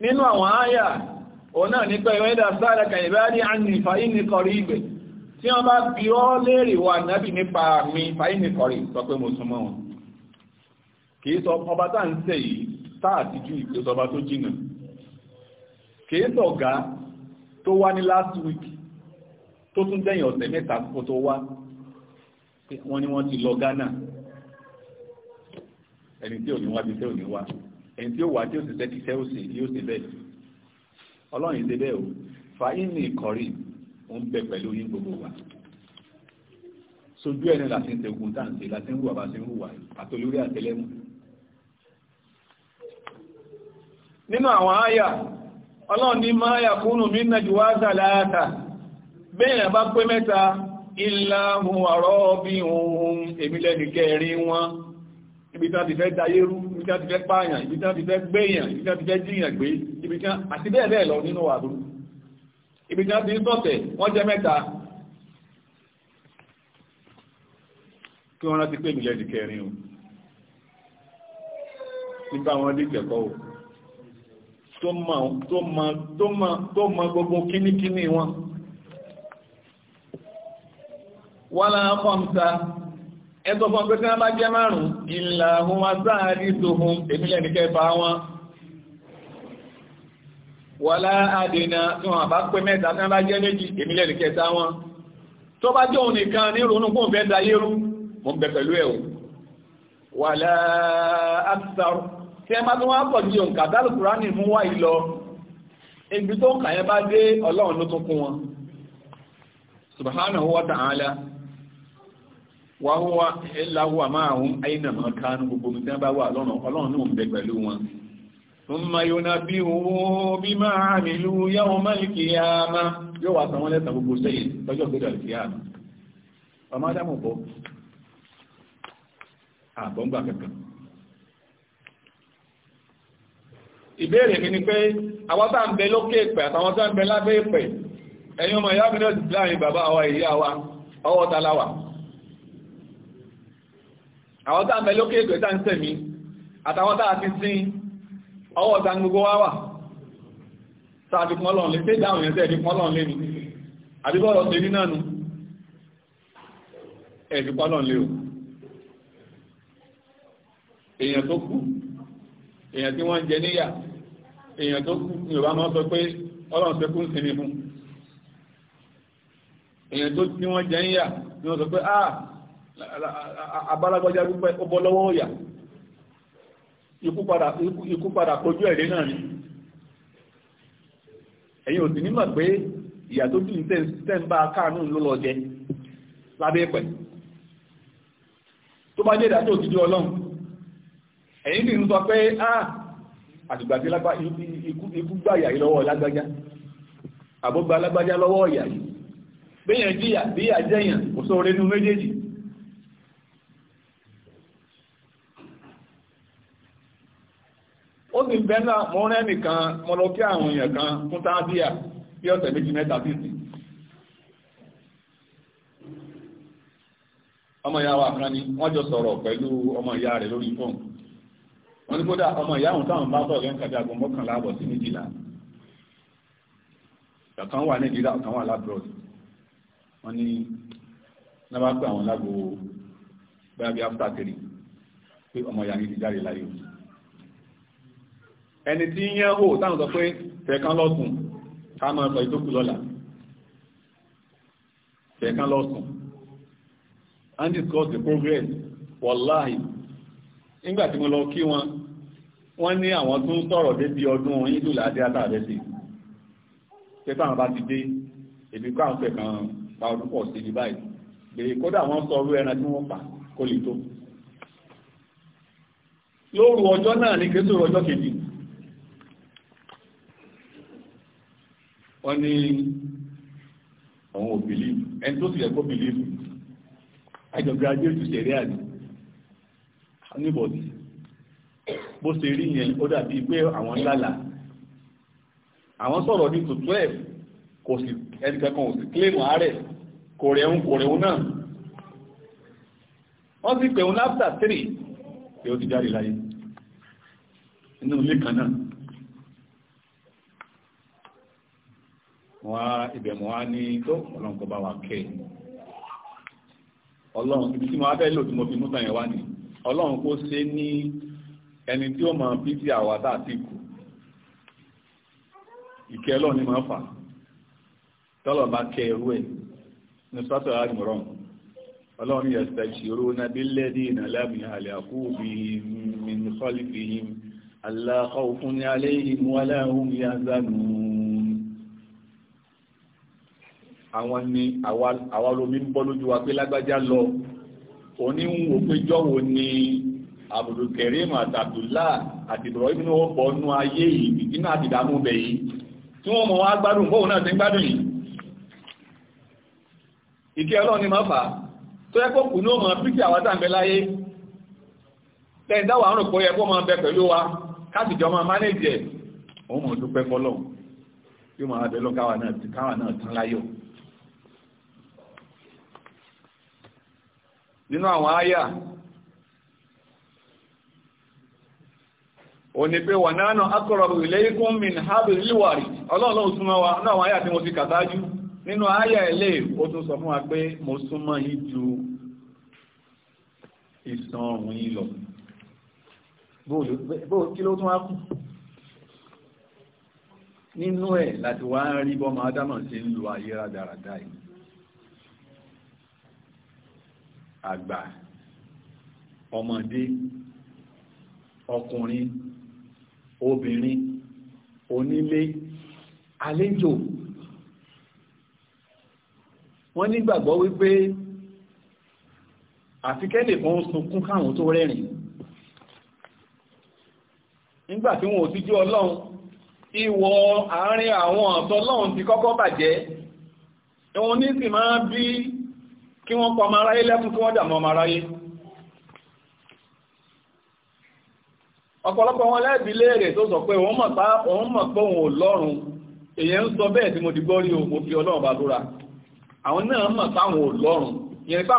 nínú àwọn àyà òun náà ní pé ìwẹ́dà sára kàìbá ní àní fàyí ní kọrí ibẹ̀ tí wọ́n bá bi ọ́ léèrè wà nábì nípa mi fàyí ní kọrí sọ pé mo súnmọ́ wọn kì í sọ ọba tá à ń sẹ́ táà ti ju ìpèsọba tó jìnà kéèsọ̀gá tó wá ní last week tó tún dẹ̀yìn ọ̀sẹ̀ mẹ́ta kó tó wá wọ́n ní wọ́n ti lọ Ghana ẹni tí ò ní wá bí tẹ́ ò ní wá ẹni tí ó wà tí ó sì tẹ́kì tẹ́ ó sì yóò sì bẹ́ẹ̀ ọlọ́run ìṣe bẹ́ẹ̀ o fa inú ìkọ̀rí ó ń bẹ pẹ̀lú yín gbogbo wa sojú ẹni láti ń tẹ ogun táǹtì láti ń hùwà bá ti ń hùwà àtolórí àtẹlẹ́mù nínú àwọn àyà ọlọ́run ní máa yà kúnnù mí nàjúwá sàlátà bẹ́ẹ̀ bá pé mẹ́ta ìlàhùn àrọ́ bí ohun èmi lẹ́nu kẹrin wọn ibi tí wọ́n ti fẹ́ dayérú ibi tí wọ́n ti fẹ́ pààyàn ibi tí wọ́n ti fẹ́ gbéyàn ibi tí wọ́n ti fẹ́ jíyàn gbé ibi tí wọ́n àti bẹ́ẹ̀ bẹ́ẹ̀ lọ nínú wà lóru ibi o nígbà wọn dé tó mọ tó mọ tó mọ tó mọ gbogbo kíníkíní wọn wọ́n kọ́mta ẹgbọ́ fún ọgbẹ́ tí wọ́n bá jẹ́ márùn-ún ìlà ohun asáàrí tó hun èmìlẹ̀ nìkẹ́ bá wọn wà láàdínà tí wọ́n bá pé mẹ́ta tí wọ́n bá jẹ́ méjì èmìlẹ̀ nìkẹ́ tá wọn tó bá jẹ́ òun nìkan ní ronú kún fẹ́ dayérú mo ń pẹ̀lú ẹ̀ wà láàdínà tí ẹ bá tó wá pọ̀ ju òǹkà dálùkùránì mú wá ìlọ ibi tó kà yẹn bá dé ọlọ́run ló tún kún wọn subhanahu wa ta'ala wa huwa illa huwa ma'ahum aina ma kanu gbogbo mi tẹ́ bá wà lọ́nà ọlọ́run náà ń bẹ pẹ̀lú wọn thumma yunabbi'uhum bima 'amilu yawmal qiyamah yóò wà sanwó lẹ́sàn gbogbo sẹ́yìn lọ́jọ́ gbogbo alkiyama ọmọ adámọ̀ bọ́ ìbéèrè mi ni pé àwọn tá ń bẹ lókè pẹ̀ àtàwọn tá ń bẹ lábẹ́ pẹ̀ ẹ̀yin ọmọ ìyá mi náà ti láàrin bàbá wa ìyá wa ọwọ́ ta láwà àwọn tá ń bẹ lókè pẹ̀ tá ń sẹ̀mí àtàwọn tá ti sin ọwọ́ ta gbogbo wa wà sáà fi pọ́nlọ́n lé sí ìdáhùn yẹn sẹ́ẹ̀dì pọ́nlọ́n lé ni àbíbọ̀rọ̀ sí nínà nu ẹ̀ẹ̀dì pọ́nlọ́n lé o èèyàn tó kú èèyàn tí wọ́n ń jẹ níyà èèyàn tó kú ní ọba máa sọ pé ọlọ́run fẹ́ kún sinmi fún èèyàn tó tí wọ́n jẹ níyà ni wọ́n sọ pé ah abálágbọ́já púpẹ́ ó bọ́ lọ́wọ́ ọ̀yà ikú padà kojú ẹ̀rẹ́ náà ni ẹ̀yin ò sì nímọ̀ pé ìyà tó dùn tẹ́ǹbà káànù ló lọ jẹ lábẹ́ pẹ̀ tó bá dé ìdájọ́ òdìdí ọlọ́run ẹ̀yìn tí ń sọ pé ah àdìgbàtí ikú gbàyà lọ́wọ́ lágbájá àbúgbà lágbájá lọ́wọ́ ọ̀yà yìí bíyàn jíyà bíyà jẹ́yàn kò sóore nú méjèèjì ó sì bẹ́nà mọ́ rẹ́ nìkan mọ́ lọ kí àwọn èèyàn kan fún tábíà bí ọ̀sẹ̀ méjì mẹ́ta sí sí ọmọ ìyá wa kan ni wọ́n jọ sọ̀rọ̀ pẹ̀lú ọmọ ìyá rẹ̀ lórí fóònù wọ́n ní kódà ọmọ ìyá òun táwọn bá sọ̀rọ̀ yẹn kájà aago mọ́kànlá àbọ̀ sí méjìlá ọ̀kan wà nàìjíríà ọ̀kan wà lábúrọ̀dì wọ́n ní náà bá pè àwọn lágbo bóyá bí áfítà kiri pé ọmọ ìyá yìí ti jáde láyé òun ẹni tí ń yẹ́ hò táwọn sọ pé tẹ̀kan lọ́sùn ká máa sọ ìtókù lọ́la tẹ̀kan lọ́sùn and discuss the progress wàláhìí nígbà tí mo lọ kí wọn wọ́n ní àwọn tó ń sọ̀rọ̀ débi ọdún ìdùn láti àtàrẹ́sì pé táwọn bá ti dé èbí kọ́ àwọn fẹ̀kan pa ọdún pọ̀ sí ní báyìí bèrè kódà wọ́n sọ orú ẹran tí wọ́n pa kó lè tó lóru ọjọ́ náà ní késo ọjọ́ kejì wọ́n ní àwọn òbílì ẹni tó sì yẹ kó bìlì ẹjọ́ graduate ṣẹ̀rí àdì anybody bó ṣe rí yẹn ó dàbí pé àwọn lálà àwọn sọ̀rọ̀ ní to twelve kò sí ẹnìkankan ò sí claim ààrẹ kò rẹ̀hún kò rẹ̀hún náà wọ́n sì pẹ̀hún láfíà three pé ó ti jáde láyé inú ilé kan náà wọ́n á ìbẹ̀mọ̀ á ní tó ọlọ́nkọ bá wà kẹ́ ọlọ́run ibi tí mo á fẹ́ lò tí mo fi mú tàn yẹn wá nìyí ọlọ́run kó ṣe ní ẹni tí ó máa bí tí àwa tá àti kù ìkẹ́ ọlọ́run ni máa fà tọ́lọ̀ bá kẹ ẹrú ẹ̀ ní sọ́tọ̀ àgbọ̀rọ̀ ọlọ́run yẹ sẹ́ṣì oró nábí lẹ́dí ìnàlámi àlẹ́kù bí i ní sọ́lì fi yìí aláàkọ́ òfin ní alẹ́ ìmú aláhùn yá zánùú àwọn ni àwa lómi ń bọ́ lójú wa pé lágbájá lọ òní ń wò pé jọ́wọ́ ni abdulkareem àti abdullah àti ibrahim ní wọ́n pọ̀ ayé yìí bẹ̀ yìí tí wọ́n mọ̀ wá gbádùn bóun náà ti ń gbádùn yìí ìkẹ́ ọlọ́run máa fà tó kó kù ní ọmọ wa jọ máa mánéjì ẹ̀ òun mọ̀ yóò máa bẹ náà nínú àwọn àyà òní pé wà nánà akọ̀rọ̀bù ilaykum min habl al-warid ọlọ́ọ̀lọ́ súnmọ́ wa náà àwọn àyà tí mo ti kàtájú nínú àyà ilé o tún sọ fún wa pé mo súnmọ́ yí ju ìsan ọ̀run yí lọ kí ló tún wá kù nínú ẹ̀ láti wá ń rí bọ́mọ adámọ̀ sí ń lo ayé rádaràdá yìí àgbà ọmọdé ọkùnrin obìnrin onílé àlejò wọ́n nígbàgbọ́ wípé àfikẹ́lẹ̀ kan sunkún káwọn tó rẹ́rìn nígbàtí wọn ò síjú ọlọ́run ìwọ̀ àárín àwọn àtọ́lọ́run ti kọ́kọ́ bàjẹ́ ẹ̀wọ̀n ní sì máa bí kí wọ́n pa mara yé lẹ́kùn kí wọ́n dàmọ́ mara yé ọ̀pọ̀lọpọ̀ wọn lẹ́bi léèrè tó sọ pé òun mọ̀ pé òun ò lọ́rùn èyàn ń sọ bẹ́ẹ̀ tí mo ti gbọ́ rí o fi ọlọ́run bá lóra àwọn náà mọ̀ páwọn lọ́rùn yẹn ní kọ́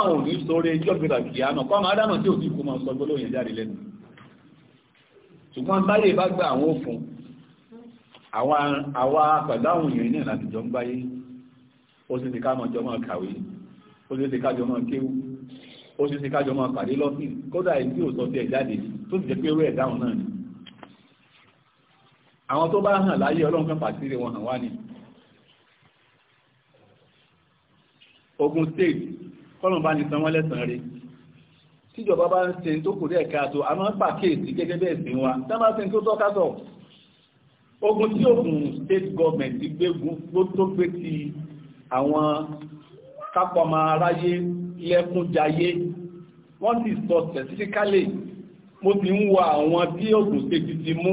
máa tí ò máa ó ṣe é ṣe kájọ máa kéwú ó ṣe é ṣe kájọ máa pàdé lọ́sìn kódà èyí tí ò sọ sí ẹ̀ jáde tó sì jẹ́ pé ewé ẹ̀dáhùn náà ni àwọn tó bá hàn láyé ọlọ́run kan pàṣírí wọn hàn wá ni Ogun State kọ́lọ̀mbá ni sanwó lẹ́sàn rí tíjọba bá ń ṣe tó kò rí ẹ̀ka àtò àmọ́ pàkíyèsí gẹ́gẹ́ bẹ́ẹ̀ sí wa sábà ṣe tó tọ́ka sọ ogun tí Ogun State government gbé tó gbé ti àwọn kápọ̀ máa ráyé lẹ́kún jayé wọ́n ti sọ specifically mo ti ń wo àwọn tí Ògùn State ti mú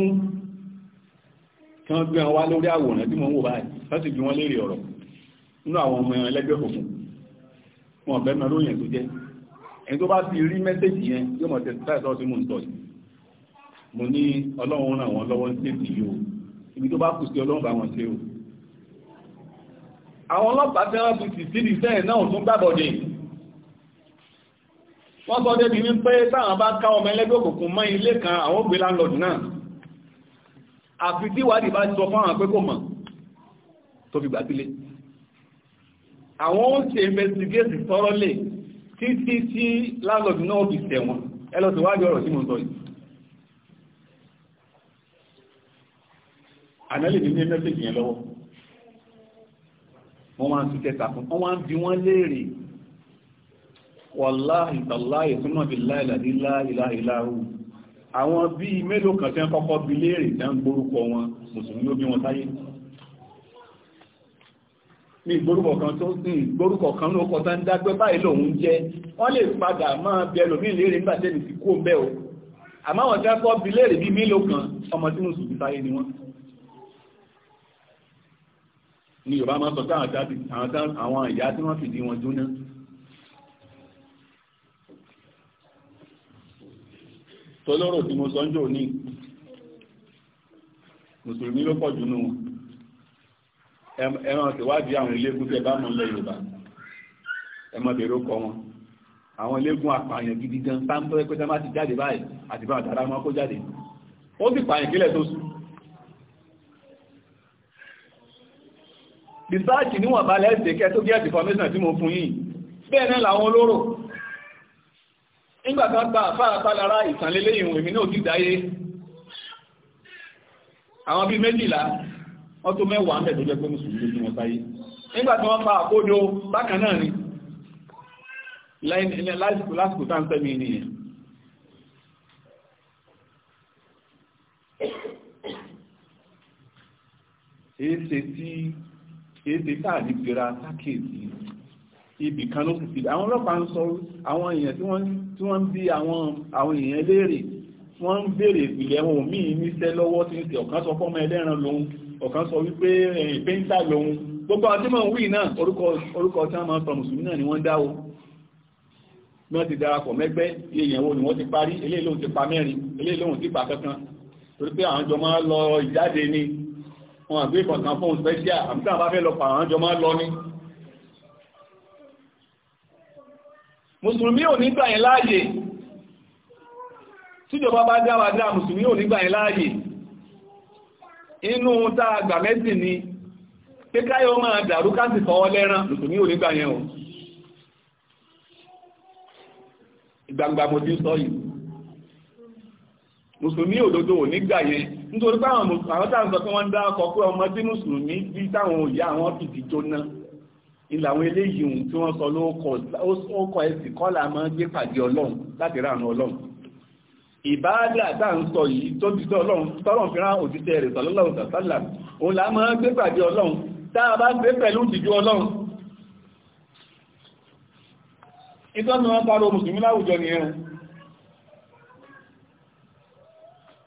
kí wọ́n gbé wọn wá lórí àwòrán tí mo ń wò báyìí wọ́n sì bí wọ́n lérè ọ̀rọ̀ nínú àwọn ọmọ ẹlẹ́gbẹ́ òkùnkùn wọn ọ̀bẹ náà lóyìn tó jẹ́ ẹni tó bá ti rí mẹ́sẹ̀jì yẹn yóò mọ̀ tẹ̀sí táì sọ́ọ́ tí mo ń sọ yìí mo ní ọlọ́run ràn wọ́n lọ́wọ́ ń ṣètì yìí o ibi tó bá kù sí ọlọ́run bá wọn ṣe o àwọn ọlọ́pàá tí wọ́n ti sì sí ìsẹ́ náà tún gbàbọ̀dé wọ́n sọ débi ní pé táwọn bá ká ọmọ ẹlẹ́gbẹ́ òkùnkùn mọ́ ilé kan àwọn ògbé láńlọ́dù náà àfi tí wádìí bá sọ fáwọn pé kò mọ̀ tó fi gbàgbílé àwọn ó ṣe investigate thoroughly títí tí láńlọ́dù náà fi tẹ̀wọ̀n ẹlọ́sìwájú ọ̀rọ̀ tí mo sọ yìí ànálè ní ní mẹ́sẹ̀jì yẹn lọ́wọ́ wọ́n wá ń tún tẹ́ta fún wọ́n wá ń bi wọ́n léèrè wàláhì tàláhì súnmọ̀ bí láìláì láìláìláìláhù àwọn bí mélòó kan tẹ́ kọ́kọ́ bi léèrè tẹ́ ń gbórúkọ wọn mùsùlùmí ló bí wọn táyé ní ìgbórúkọ kan tó sí ìgbórúkọ kan ló kọ tán dágbé báyìí lòun jẹ́ wọ́n lè padà máa bẹ ẹlòmíì léèrè nígbà tẹ́lì sí kó bẹ́ o àmáwọn tẹ́ kọ́ bi léèrè bí mélòó kan ọmọ tí mùsùlùmí táyé ni wọ́n ni Yorùbá máa sọ táwọn àwọn ìyá tí wọ́n fìdí wọn jóná tọ́lọ́rọ̀ tí mo sọ ń jò ní mùsùlùmí ló pọ̀ jù nù ẹran tìwádìí àwọn ilégún tẹ bá mọ̀ lọ Yorùbá ẹmọ bèrè ó kọ wọn àwọn ilégún àpààyàn gidi gan sáńpẹ́ pẹ́tẹ́ má ti jáde báyìí àti bá àtàrà wọn kó jáde ó sì pààyàn kílẹ̀ tó sùn research níwọ̀n bá lẹ́ẹ̀sẹ̀ kẹ́ tó get information tí mo fún yìí bẹ́ẹ̀ náà làwọn olóró nígbàtán gba àfáàfá lára ìtànlélé ìwọ̀n èmi náà dídáyé àwọn bíi méjìlá wọ́n tó mẹ́wàá ń bẹ̀ tó jẹ́ pé mùsùlùmí ló wọ́n sáyé nígbàtí wọ́n pa àkójọ bákan náà ni lásìkò lásìkò tá ń pẹ́ mi nìyẹn èé ṣe tí kìí ṣe táà ní fira sákèsí ibì kan ló fi àwọn ọlọ́pàá ń sọ àwọn èèyàn tí wọ́n ń bí àwọn èèyàn léèrè wọ́n ń béèrè ìpìlẹ̀ wọn ò míì níṣẹ́ lọ́wọ́ tí ń ṣe ọ̀kan sọ fọ́mọ ẹlẹ́ran lòun ọ̀kan sọ wípé ẹ̀yìn pẹ́ńtà lòun gbogbo àwọn tí mọ̀ ń wí náà orúkọ tí wọ́n máa ń sọ mùsùlùmí náà ni wọ́n dá o bí wọ́n ti darapọ̀ mẹ́gbẹ́ èèyàn wo ni wọ́n ti parí eléyìí lòun ti pa mẹ́rin eléyìí lòun ti pa kankan torí pé àwọn jọ máa ń lọ ìjáde ni wọn àgbé kọ̀ọ̀kan fún òṣìṣẹ́ àbíkà bá fẹ́ lọ pàrán jọ máa lọ ní mùsùlùmí ò nígbà yẹn láàyè tíjọba bá dáwà dá mùsùlùmí ò nígbà yẹn láàyè inú tá a gbà mẹ́sìn ni pé káyọ̀ máa dàrú ká fọwọ́ lẹ́rán mùsùlùmí ò nígbà yẹn o ìgbàǹgbà mo ti sọ yìí mùsùlùmí òdodo ò nígbà yẹn nítorí pé àwọn àwọn táwọn sọ pé wọ́n ń dá ọkọ̀ pé ọmọ tí mùsùlùmí bí táwọn òyà àwọn fìdí jóná ìlàwọn eléyìí ohun tí wọ́n sọ ló kọ ẹ̀sìn kọ́là máa gbé pàdé ọlọ́run láti ránu ọlọ́run ìbáàdà tá à ń sọ yìí tó ti sọ fi rán òtítẹ́ rẹ̀ sọlọ́lọ́run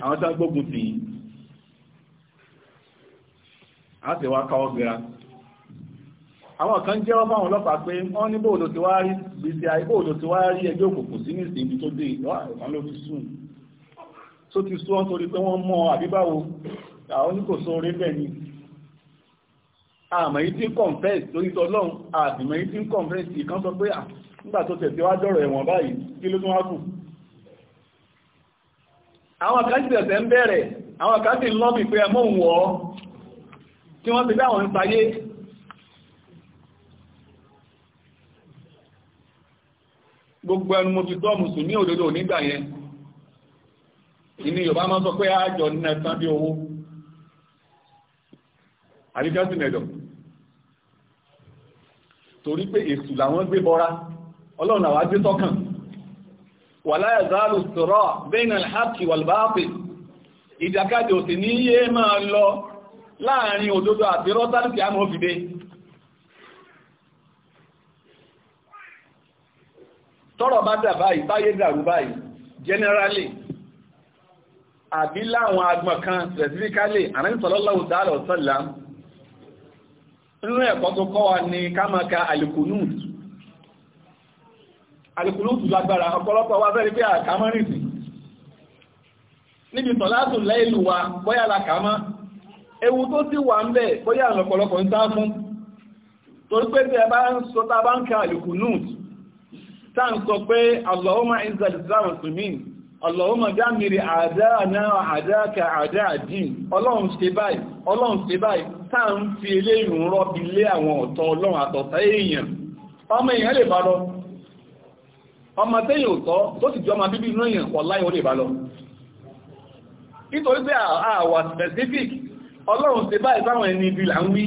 àwọn tí wọ́n gbógun tì í a sì wá káwọ́ gbéra àwọn kan jẹ́wọ́ fáwọn ọlọ́pàá pé wọ́n ní bóòdó ti wá rí gbèsè àìbóòdó ti wá rí ẹgbẹ́ òkùnkùn sí ní ìsìn ibi tó dé ìwọ̀n ló fi sùn tó ti sún ọ́n torí pé wọ́n mọ́ àbíbáwo àwọn ní kò sọ orí bẹ́ẹ̀ ni àmọ́ yìí tí ń confess torí sọ lọ́hùn àbìmọ̀ yìí tí ń confess kan sọ pé nígbà tó tẹ̀síwájú ọ̀rọ̀ ẹ̀wọ̀n báyìí kí ló tún wá kù àwọn kan ti ẹ̀sẹ̀ ń bẹ̀rẹ̀ àwọn kan ti lọ́bì pé ẹmọ́ wọ́ tí wọ́n ti bá àwọn ìsáyé gbogbo ẹnu mo ti tọ́ ní òdodo nígbà yẹn ìní Yorùbá máa sọ pé àjọ nẹ́ẹ̀tán bí owó àríkẹ́sì mẹ́dọ̀ torí pé èsù làwọn gbé bọ́ra ọlọ́run àwọn agbé tọ́kàn wàlá ẹ̀zálù sọ̀rọ̀ bẹ́ẹ̀nà alhaki walbaafi ìjàkadì òsì ní yé máa lọ láàrin òdodo àti rọ́tàlùkì àmọ́fìdé tọ́rọ̀ bá dà báyìí dàrú báyìí generally àbí láwọn agbọ̀n kan specifically àrẹ́sọ̀lọ́lọ́wọ́ dáàlọ̀ sọ́lá nínú ẹ̀kọ́ tó kọ́ wa ni ká máa ka alikunut àlùkùlùtù lágbára ọ̀pọ̀lọpọ̀ wa fẹ́ rí pé àkámọ́rìn sí níbi tọ̀látù lẹ́ìlú wa bóyá làkámọ́ ewu tó sì wà ń bẹ̀ bóyá ọ̀pọ̀lọpọ̀ ń sá fún torí pé tí ẹ bá ń sọ tá bá ń ka àlùkùlùtù tá ń sọ pé Allahumma izzal islam muslimin Allahumma dámìrì fi eléyìn rọ́bi lé àwọn ọ̀tọ̀ ọmọ lè bá lọ ọmọ tẹ́yìn òtọ́ tó sì jọ ọmọ bíbí inú èèyàn pọ̀ láì orí ìbálọ nítorí pé àwà specific ọlọ́run ṣe báyìí sáwọn ẹni ibi là ń wí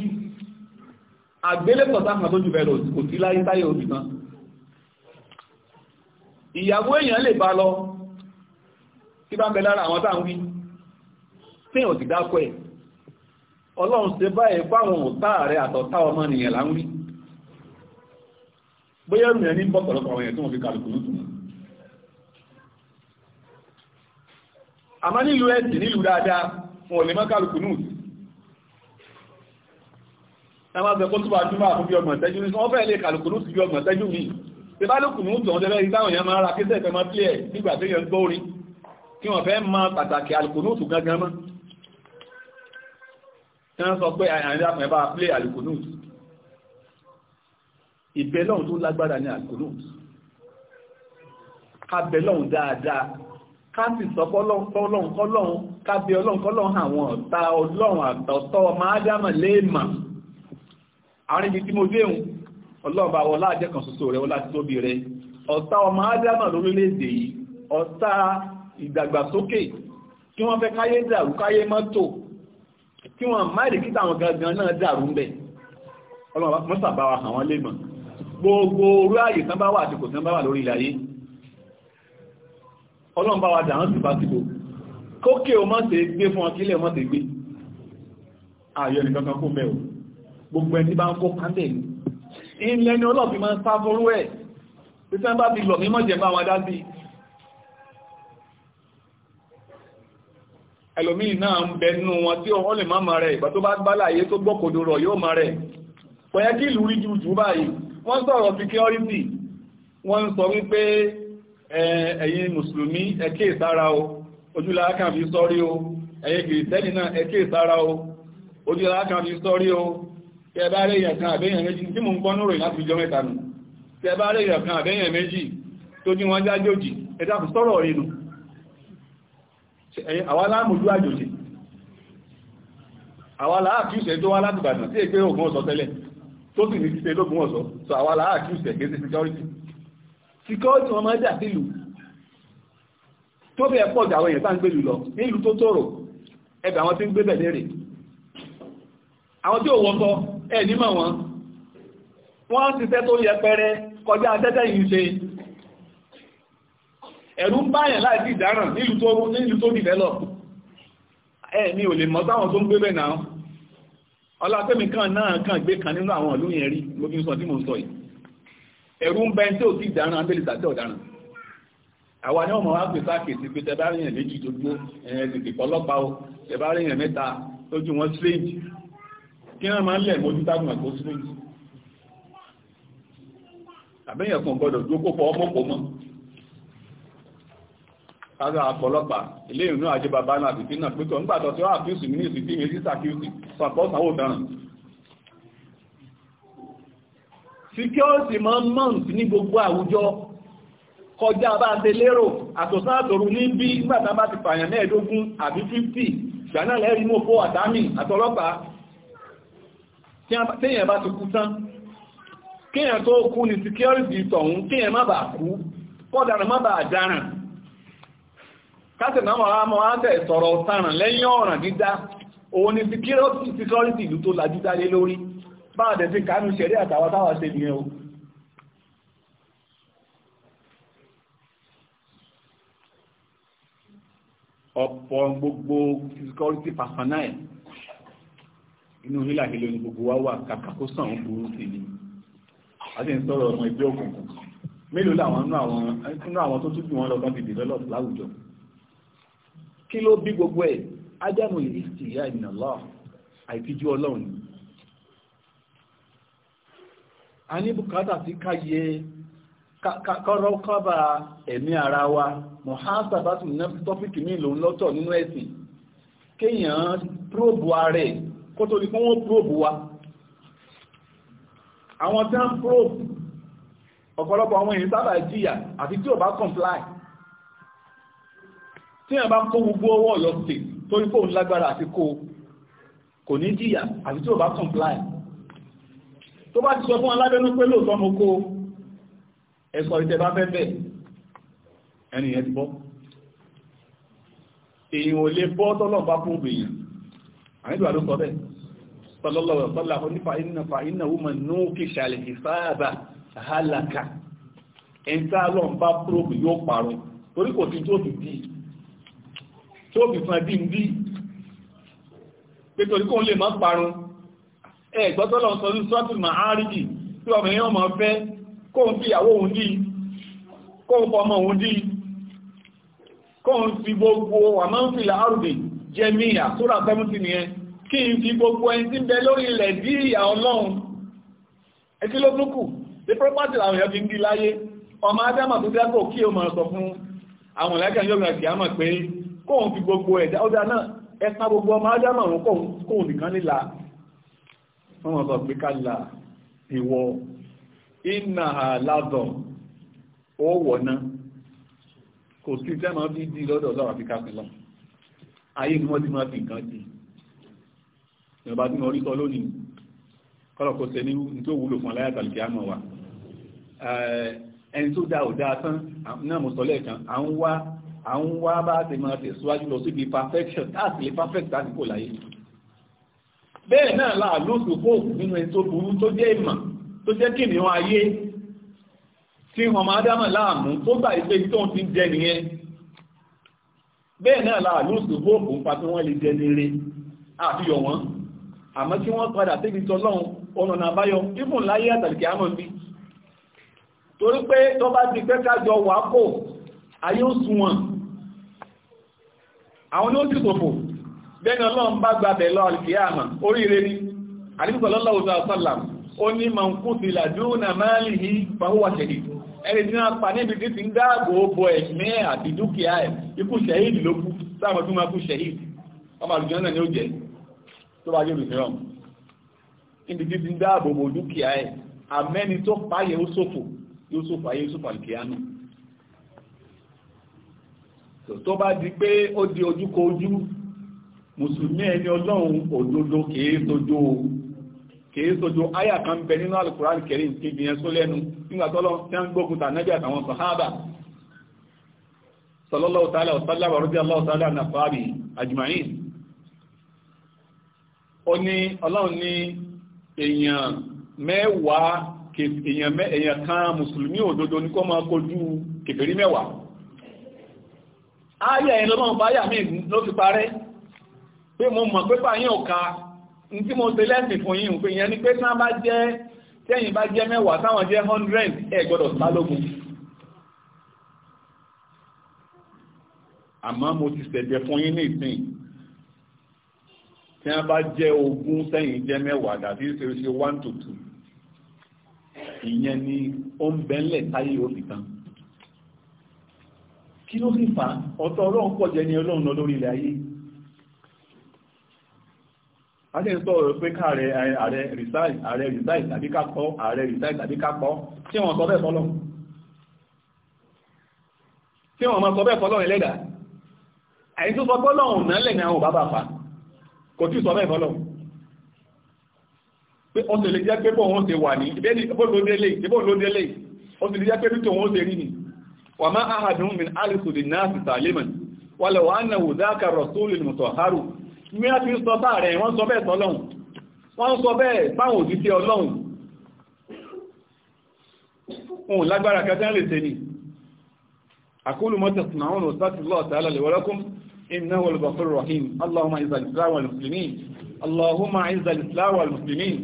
àgbélẹ̀pọ̀ sáwọn tó jù bẹ̀rẹ̀ kò sí láyé táyé òbí kan ìyàwó èèyàn lè bá lọ tí bá ń bẹ lára àwọn tá ń wí téèyàn ti dákọ̀ ẹ̀ ọlọ́run ṣe báyìí fáwọn òtá rẹ̀ àtọ̀tá ọmọ nìyẹn là ń wí bóyá ẹrù yẹn ní bọ́pọ̀lọpọ̀ àwọn èèyàn tí wọ́n fi kàlùkù lùtù àmọ́ nílùú ẹ̀sìn nílùú dáadáa wọn ò lè má kàlùkù nùtù ẹwà bẹ kó túbà túbà fún bí ọgbọ̀n tẹ́jú ní wọ́n fẹ́ lè kàlùkù nùtù bí ọgbọ̀n tẹ́jú mi tí bá lùkù nùtù ọ̀n tẹ́lẹ̀ ìtàwọn èèyàn máa ra kéṣẹ́ ìfẹ́ máa pílẹ̀ nígbà tí yẹn gbórin kí wọ́n fẹ́ máa pàtàkì àlùkù nùtù gangan mọ́ tí wọ́n ìbẹ́lọ́hùn tó lágbára ní àkùnú abẹ́lọ́hùn dáadáa ká sì sọ fọ́lọ́hùn kọ́lọ́hùn ká bẹ ọlọ́hùn kọ́lọ́hùn àwọn ọ̀tá ọlọ́hùn àtọ̀tọ́ ọmọ ádámà léèmà àárín ibi tí mo déhùn ọlọ́ọ̀bá wọlá àjẹ́kàn ṣoṣo rẹ̀ wọlá títóbi rẹ̀ ọ̀tá ọmọ ádámà lórílẹ̀-èdè yìí ọ̀tá ìdàgbàsókè kí wọ́n fẹ́ káyé dàrú káyé mọ́tò kí wọ́n máìlì kíta àwọn gangan náà dàrú ń bẹ̀ ọlọ́ọ̀bá mọ́sàbáwà àwọn léèmọ̀ gbogbo orú ààyè tán bá wà àtìkò tán bá wà lórí ilẹ̀ ayé ọlọ́run bá wa dà án sì bá síbò kókè o mọ́sẹ̀ gbé fún ọkílẹ̀ mọ́sẹ̀ gbé ààyọ̀ nìkankan kó mẹ́ o gbogbo ẹni bá ń ni ọlọ́pì máa ń sá fóró ẹ̀ pẹ́sẹ́ bá ti lọ mímọ́ jẹ bá wọn dá sí ẹlòmíì náà ń bẹ nínú wọn tí wọ́n lè rẹ̀ ìgbà tó bá gbálà ayé tó gbọ́kòdó rọ̀ yóò ma rẹ̀ pẹ̀yẹ́ kí ìlú rí ju jù báyìí wọ́n sọ̀rọ̀ security wọ́n ń sọ wípé ẹ̀yin mùsùlùmí ẹ kíyè sára o ojúlára kan fi sọ́rí o ẹ̀yin kìrìtẹ́nì náà ẹ kíyè sára o ojúlára kan fi sọ́rí o tẹ́ẹ̀bá rẹ̀ èèyàn kan àbẹ́yàn méjì tí mo ń gbọ́nú rẹ̀ láti ìjọ mẹ́ta nù tẹ́ẹ̀bá rẹ̀ èèyàn kan àbẹ́yàn méjì tó ní wọ́n jájòjì ẹ̀dá kù sọ́rọ̀ rẹ̀ nù àwa láàmùjú àjòjì tó sì ní ṣe lóògùn ọ̀sọ́ so àwa làá accuse ẹ̀ kéde security security wọn máa ń jà sílùú tó bẹ́ẹ̀ pọ̀ jà àwọn èèyàn tá ń gbèlú lọ nílùú tó tòrò ẹgbẹ̀ àwọn tí ń gbé bẹ̀ lérè àwọn tí ò wọ́kọ́ ẹ̀ nímọ̀ wọn wọ́n ti tẹ́ tó yẹpẹrẹ kọjá tẹ́tẹ́ yìí ṣe ẹ̀rù ń báyàn láti ìdáràn nílùú tó develop ẹ̀ ní ò lè mọ̀ sáwọn tó ń gbé bẹ̀ náà ọlọ́pẹ́mi kan náà kàn gbé kan nínú àwọn ìlú yẹn rí lóbi sọ tí mo sọ yìí ẹ̀rù ń bẹ tí ò sí ìdáran abẹ́lẹ̀sà tí ọ̀daràn àwa ni ọmọ wa pè sáàkèsí pé tẹ bá rí yẹn méjì tó gbó ẹ̀yẹn tètè pọ́lọ́pàá o tẹ bá rí yẹn mẹ́ta lójú wọn strange kí wọ́n máa ń lẹ̀ mójú tágùn àgbo strange àbẹ́yẹn kan gbọ́dọ̀ dúró kó fọ ọmọ pọ̀ mọ́ kára àpọ̀lọ́pàá ilé ìrìnà àjẹ́ bàbá náà àti tínà pẹ́tọ̀ nígbàtọ̀ tí ó àfíìsì ní ìsìn tí méjì sàkíìsì sàpọ̀ sanwó dáràn síkíọ́sì máa ń mọ́ ní gbogbo àwùjọ kọjá bá ṣe lérò àtòsáàtòrú ní bí gbàtà bá ti pààyàn mẹ́ẹ̀ẹ́dógún àbí 50 ṣàná lẹ́rí mú fó àtàmì àtọlọ́pàá téèyàn bá ti kú tán kásìnà máa mọ́ á tẹ̀ sọ̀rọ̀ ọ̀taràn lẹ́yìn ọ̀ràn dídá òun ni security security ìlú tó lajú dálé lórí bá àdẹ̀ sí kánú ṣẹ̀rí àtàwọn o ọ̀pọ̀ gbogbo security personnel inú hílàhílò ní gbogbo wá wà kàkàkó sàn a ti ń sọ̀rọ̀ ọmọ ẹgbẹ́ òkùnkùn mélòó làwọn nínú àwọn tó túbí wọn lọ́gbọ́n ti dìvẹ́lọ́pù láwùjọ kí ló bí gbogbo ẹ̀ ádámù ìsìyà ìnàlọ́ àìfijú ọlọ́run ni a ní bùkátà sí káyé kọ́rọ́ kọ́bà ẹ̀mí ara wa mọ̀hásábàtù ní tọ́pìkì ní ìlò lọ́tọ̀ nínú ẹ̀sìn kéèyàn próòbù ààrẹ kó tó ní kí wọ́n próòbù wa àwọn tí wọ́n próòbù ọ̀pọ̀lọpọ̀ àwọn èèyàn sábà jìyà àti tí ò bá comply tí a bá kó gbogbo owó ọ̀yọ́ sí torí kó lágbára àti kó kò ní jìyà àti tí ò bá comply tó bá ti sọ fún alábẹ́nú pé lóòtọ́ mo kó ẹ̀sọ̀ ìtẹ̀ bá fẹ́ bẹ́ẹ̀ ẹni yẹn ti bọ́ èyàn ò lè bọ́ tọ́lọ̀ bá fún èèyàn àìdùwà ló sọ bẹ́ẹ̀ pọ̀lọ́lọ́wọ̀ pọ́lá fún nípa ìnàfà ìnàwó mọ̀ ní kí ṣàlẹ̀ ìsáàbà hálàkà ẹ̀ntà lọ́n bá próbù yóò parun torí kò sí tó ti dìí tí ó fi fún ẹbí ń bí pé torí kó lè má parun ẹgbọ́ tó lọ́n sọ ní sọ́tù ma áríjì tí ọmọ èèyàn mọ̀ fẹ́ kóhun fi ìyàwó òun dí kóhun fọ ọmọ òun dí kóhun fi gbogbo àmọ́ ń fìlà àrùbì jẹ míyà tó sẹ́mùtì nìyẹn kí n fi gbogbo ẹni tí ń bẹ lórí ilẹ̀ dí ìyà ọlọ́run ẹtí ló tún kù the property làwọn èèyàn fi ń di láyé ọmọ adámà tó dẹ́kọ̀ kí o mọ̀ sọ fún àwọn ìlẹ́kẹ̀ẹ́ yóò rẹ̀ kìí kóhun fi gbogbo ẹ̀dá ọjà náà ẹ̀ka gbogbo ọmọ ọrụ wọn kóhun nìkan nílà wọ́n wọ́n sọ pé kálà ìwọ iná àládọ̀ ó wọ̀ná kò sí tẹ́ máa bí dí lọ́dọ̀ ayé ni wọ́n ti máa fi nǹkan di ìjọba tí wọ́n rí sọ lónìí kọ́lọ̀ kò wúlò fún àmọ́ wa ẹni tó dá ò dáa tán náà mo sọ lẹ́ẹ̀kan à ń à ń wá bá ti máa tẹ̀síwájú lọ síbi perfection láti lè perfect láti kò láyé bẹ́ẹ̀ náà láà lóṣù kó nínú ẹni tó burú tó jẹ́ ìmọ̀ tó jẹ́ kìnìún ayé tí wọn máa dámọ̀ láàmú tó gbà ìpé tó ń ti jẹ nìyẹn bẹ́ẹ̀ náà láà lóṣù kó òkú pa tí wọ́n lè jẹ nire àfihàn wọn àmọ́ kí wọ́n padà síbi tọ́lọ́run ọ̀nà àbáyọ ìfún láyé àtàlìkì àmọ́ bí torí pé tó bá ti pẹ́ kájọ wà kò ayé ó sunwọ̀n àwọn ní ó sì sòfò bẹ́ẹ̀ni ọlọ́run bá gbàbẹ̀ lọ alìkìyàmà oríire ní àdínkùsọ̀lọ́lọ́wọ́sọ̀lọ́m ó ní ma ń kú ti làdúnà máa lè hí fàwọ́wà ṣẹ̀dì ẹni tí wọ́n pa níbi tí ti ń dáàbò bo ẹ̀mí àti dúkìá ẹ̀ ikú ṣẹ̀hìdì ló kú sáàmù tí wọ́n kú ṣẹ̀hìdì ọmọ àlùjọ ni ó tó bá di pé ó di ojúkọ ojú mùsùlùmí ẹni ọlọ́run òdodo kìí sojo kìí sojo àyà kan bẹ nínú Al-Qur'an Al-Karim ti fi lẹ́nu nígbà tọ́lọ́ tí wọ́n gbógun tà nábì àtàwọn sàhábà sallallahu ta'ala wa sallam wa radiyallahu ta'ala an asabi ajma'in ó ní ọlọ́run ní èèyàn mẹ́wàá èèyàn kan mùsùlùmí òdodo ní kó máa kojú kèfèrí mẹ́wàá ayé ẹ̀yìn lọ́nà báyà mí ló fi parẹ́ pé mo mọ̀ pé báyìí ọ̀ka ní tí mo ṣe lẹ́sìn fún yín pé ìyẹn ni pé tí wọ́n bá jẹ́ tẹ́yìn bá jẹ́ mẹ́wàá táwọn jẹ́ 100 ẹ gbọ́dọ̀ sálógún àmọ́ mo ti ṣẹ̀jẹ̀ fún yín ní ìsìn tí wọ́n bá jẹ́ ogún tẹ́yìn jẹ́ mẹ́wàá dàbí ṣe ṣe 1 to 2 ìyẹn ni ó ń bẹ́ńlẹ̀ táyé òfìtàn kí ló sì fà ọ̀tọ̀ ọlọ́run pọ̀ jẹ́ ní ọlọ́run lọ lórí ilẹ̀ ayé adé ń sọ pé káàrẹ ààrẹ resign ààrẹ resign tàbí kápọ̀ ààrẹ resign tàbí kápọ̀ tí wọ́n sọ bẹ́ẹ̀ fọ́lọ́ tí wọ́n máa sọ bẹ́ẹ̀ fọ́lọ́ ẹlẹ́dà àyíkú sọ fọ́lọ́run nálẹ̀ ní àwọn bàbá fa kò tí sọ bẹ́ẹ̀ fọ́lọ́ pé ó sì lè jẹ́ pé bóun ṣe wà ní ìbẹ́ni ìbóun ló délé ìbóun ló délé ó sì lè jẹ́ pé bí tòun ó rí nìí وما أحد من ألس للناس تعليما ولو أنه ذاك الرسول المطهر mi a fi ń sọ báà rẹ̀ wọ́n sọ bẹ́ẹ̀ tọ́lọ́hun wọ́n ń sọ bẹ́ẹ̀ báwọn òjíṣẹ́ ọlọ́hun ohun lágbára kẹta lè tẹ́ ni أقول ما تصنعون وأستغفر الله تعالى لي ولكم إنه هو الغفور الرحيم اللهم أعز الإسلام والمسلمين اللهم أعز الإسلام والمسلمين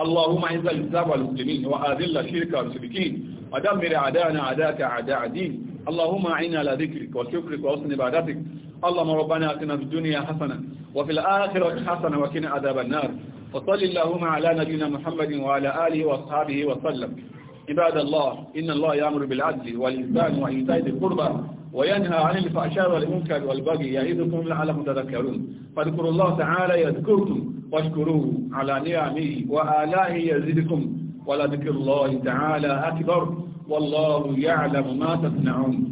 اللهم أعز الإسلام والمسلمين وأذل الشرك والمشركين ودمر عدانا عداك عدا دين اللهم أعنا على ذكرك وشكرك وحسن عبادتك اللهم ربنا أتنا في الدنيا حسنة وفي الآخرة حسنة وقنا عذاب النار وصل اللهم على نبينا محمد وعلى آله وأصحابه وسلم عباد الله إن الله يأمر بالعدل والإنسان وإيتاء ذي القربى وينهى عن الفحشاء والمنكر والبغي يعظكم لعلكم تذكرون فاذكروا الله تعالى يذكركم واشكروه على نعمه وآلائه يزدكم ولذكر الله تعالى أكبر والله يعلم ما تصنعون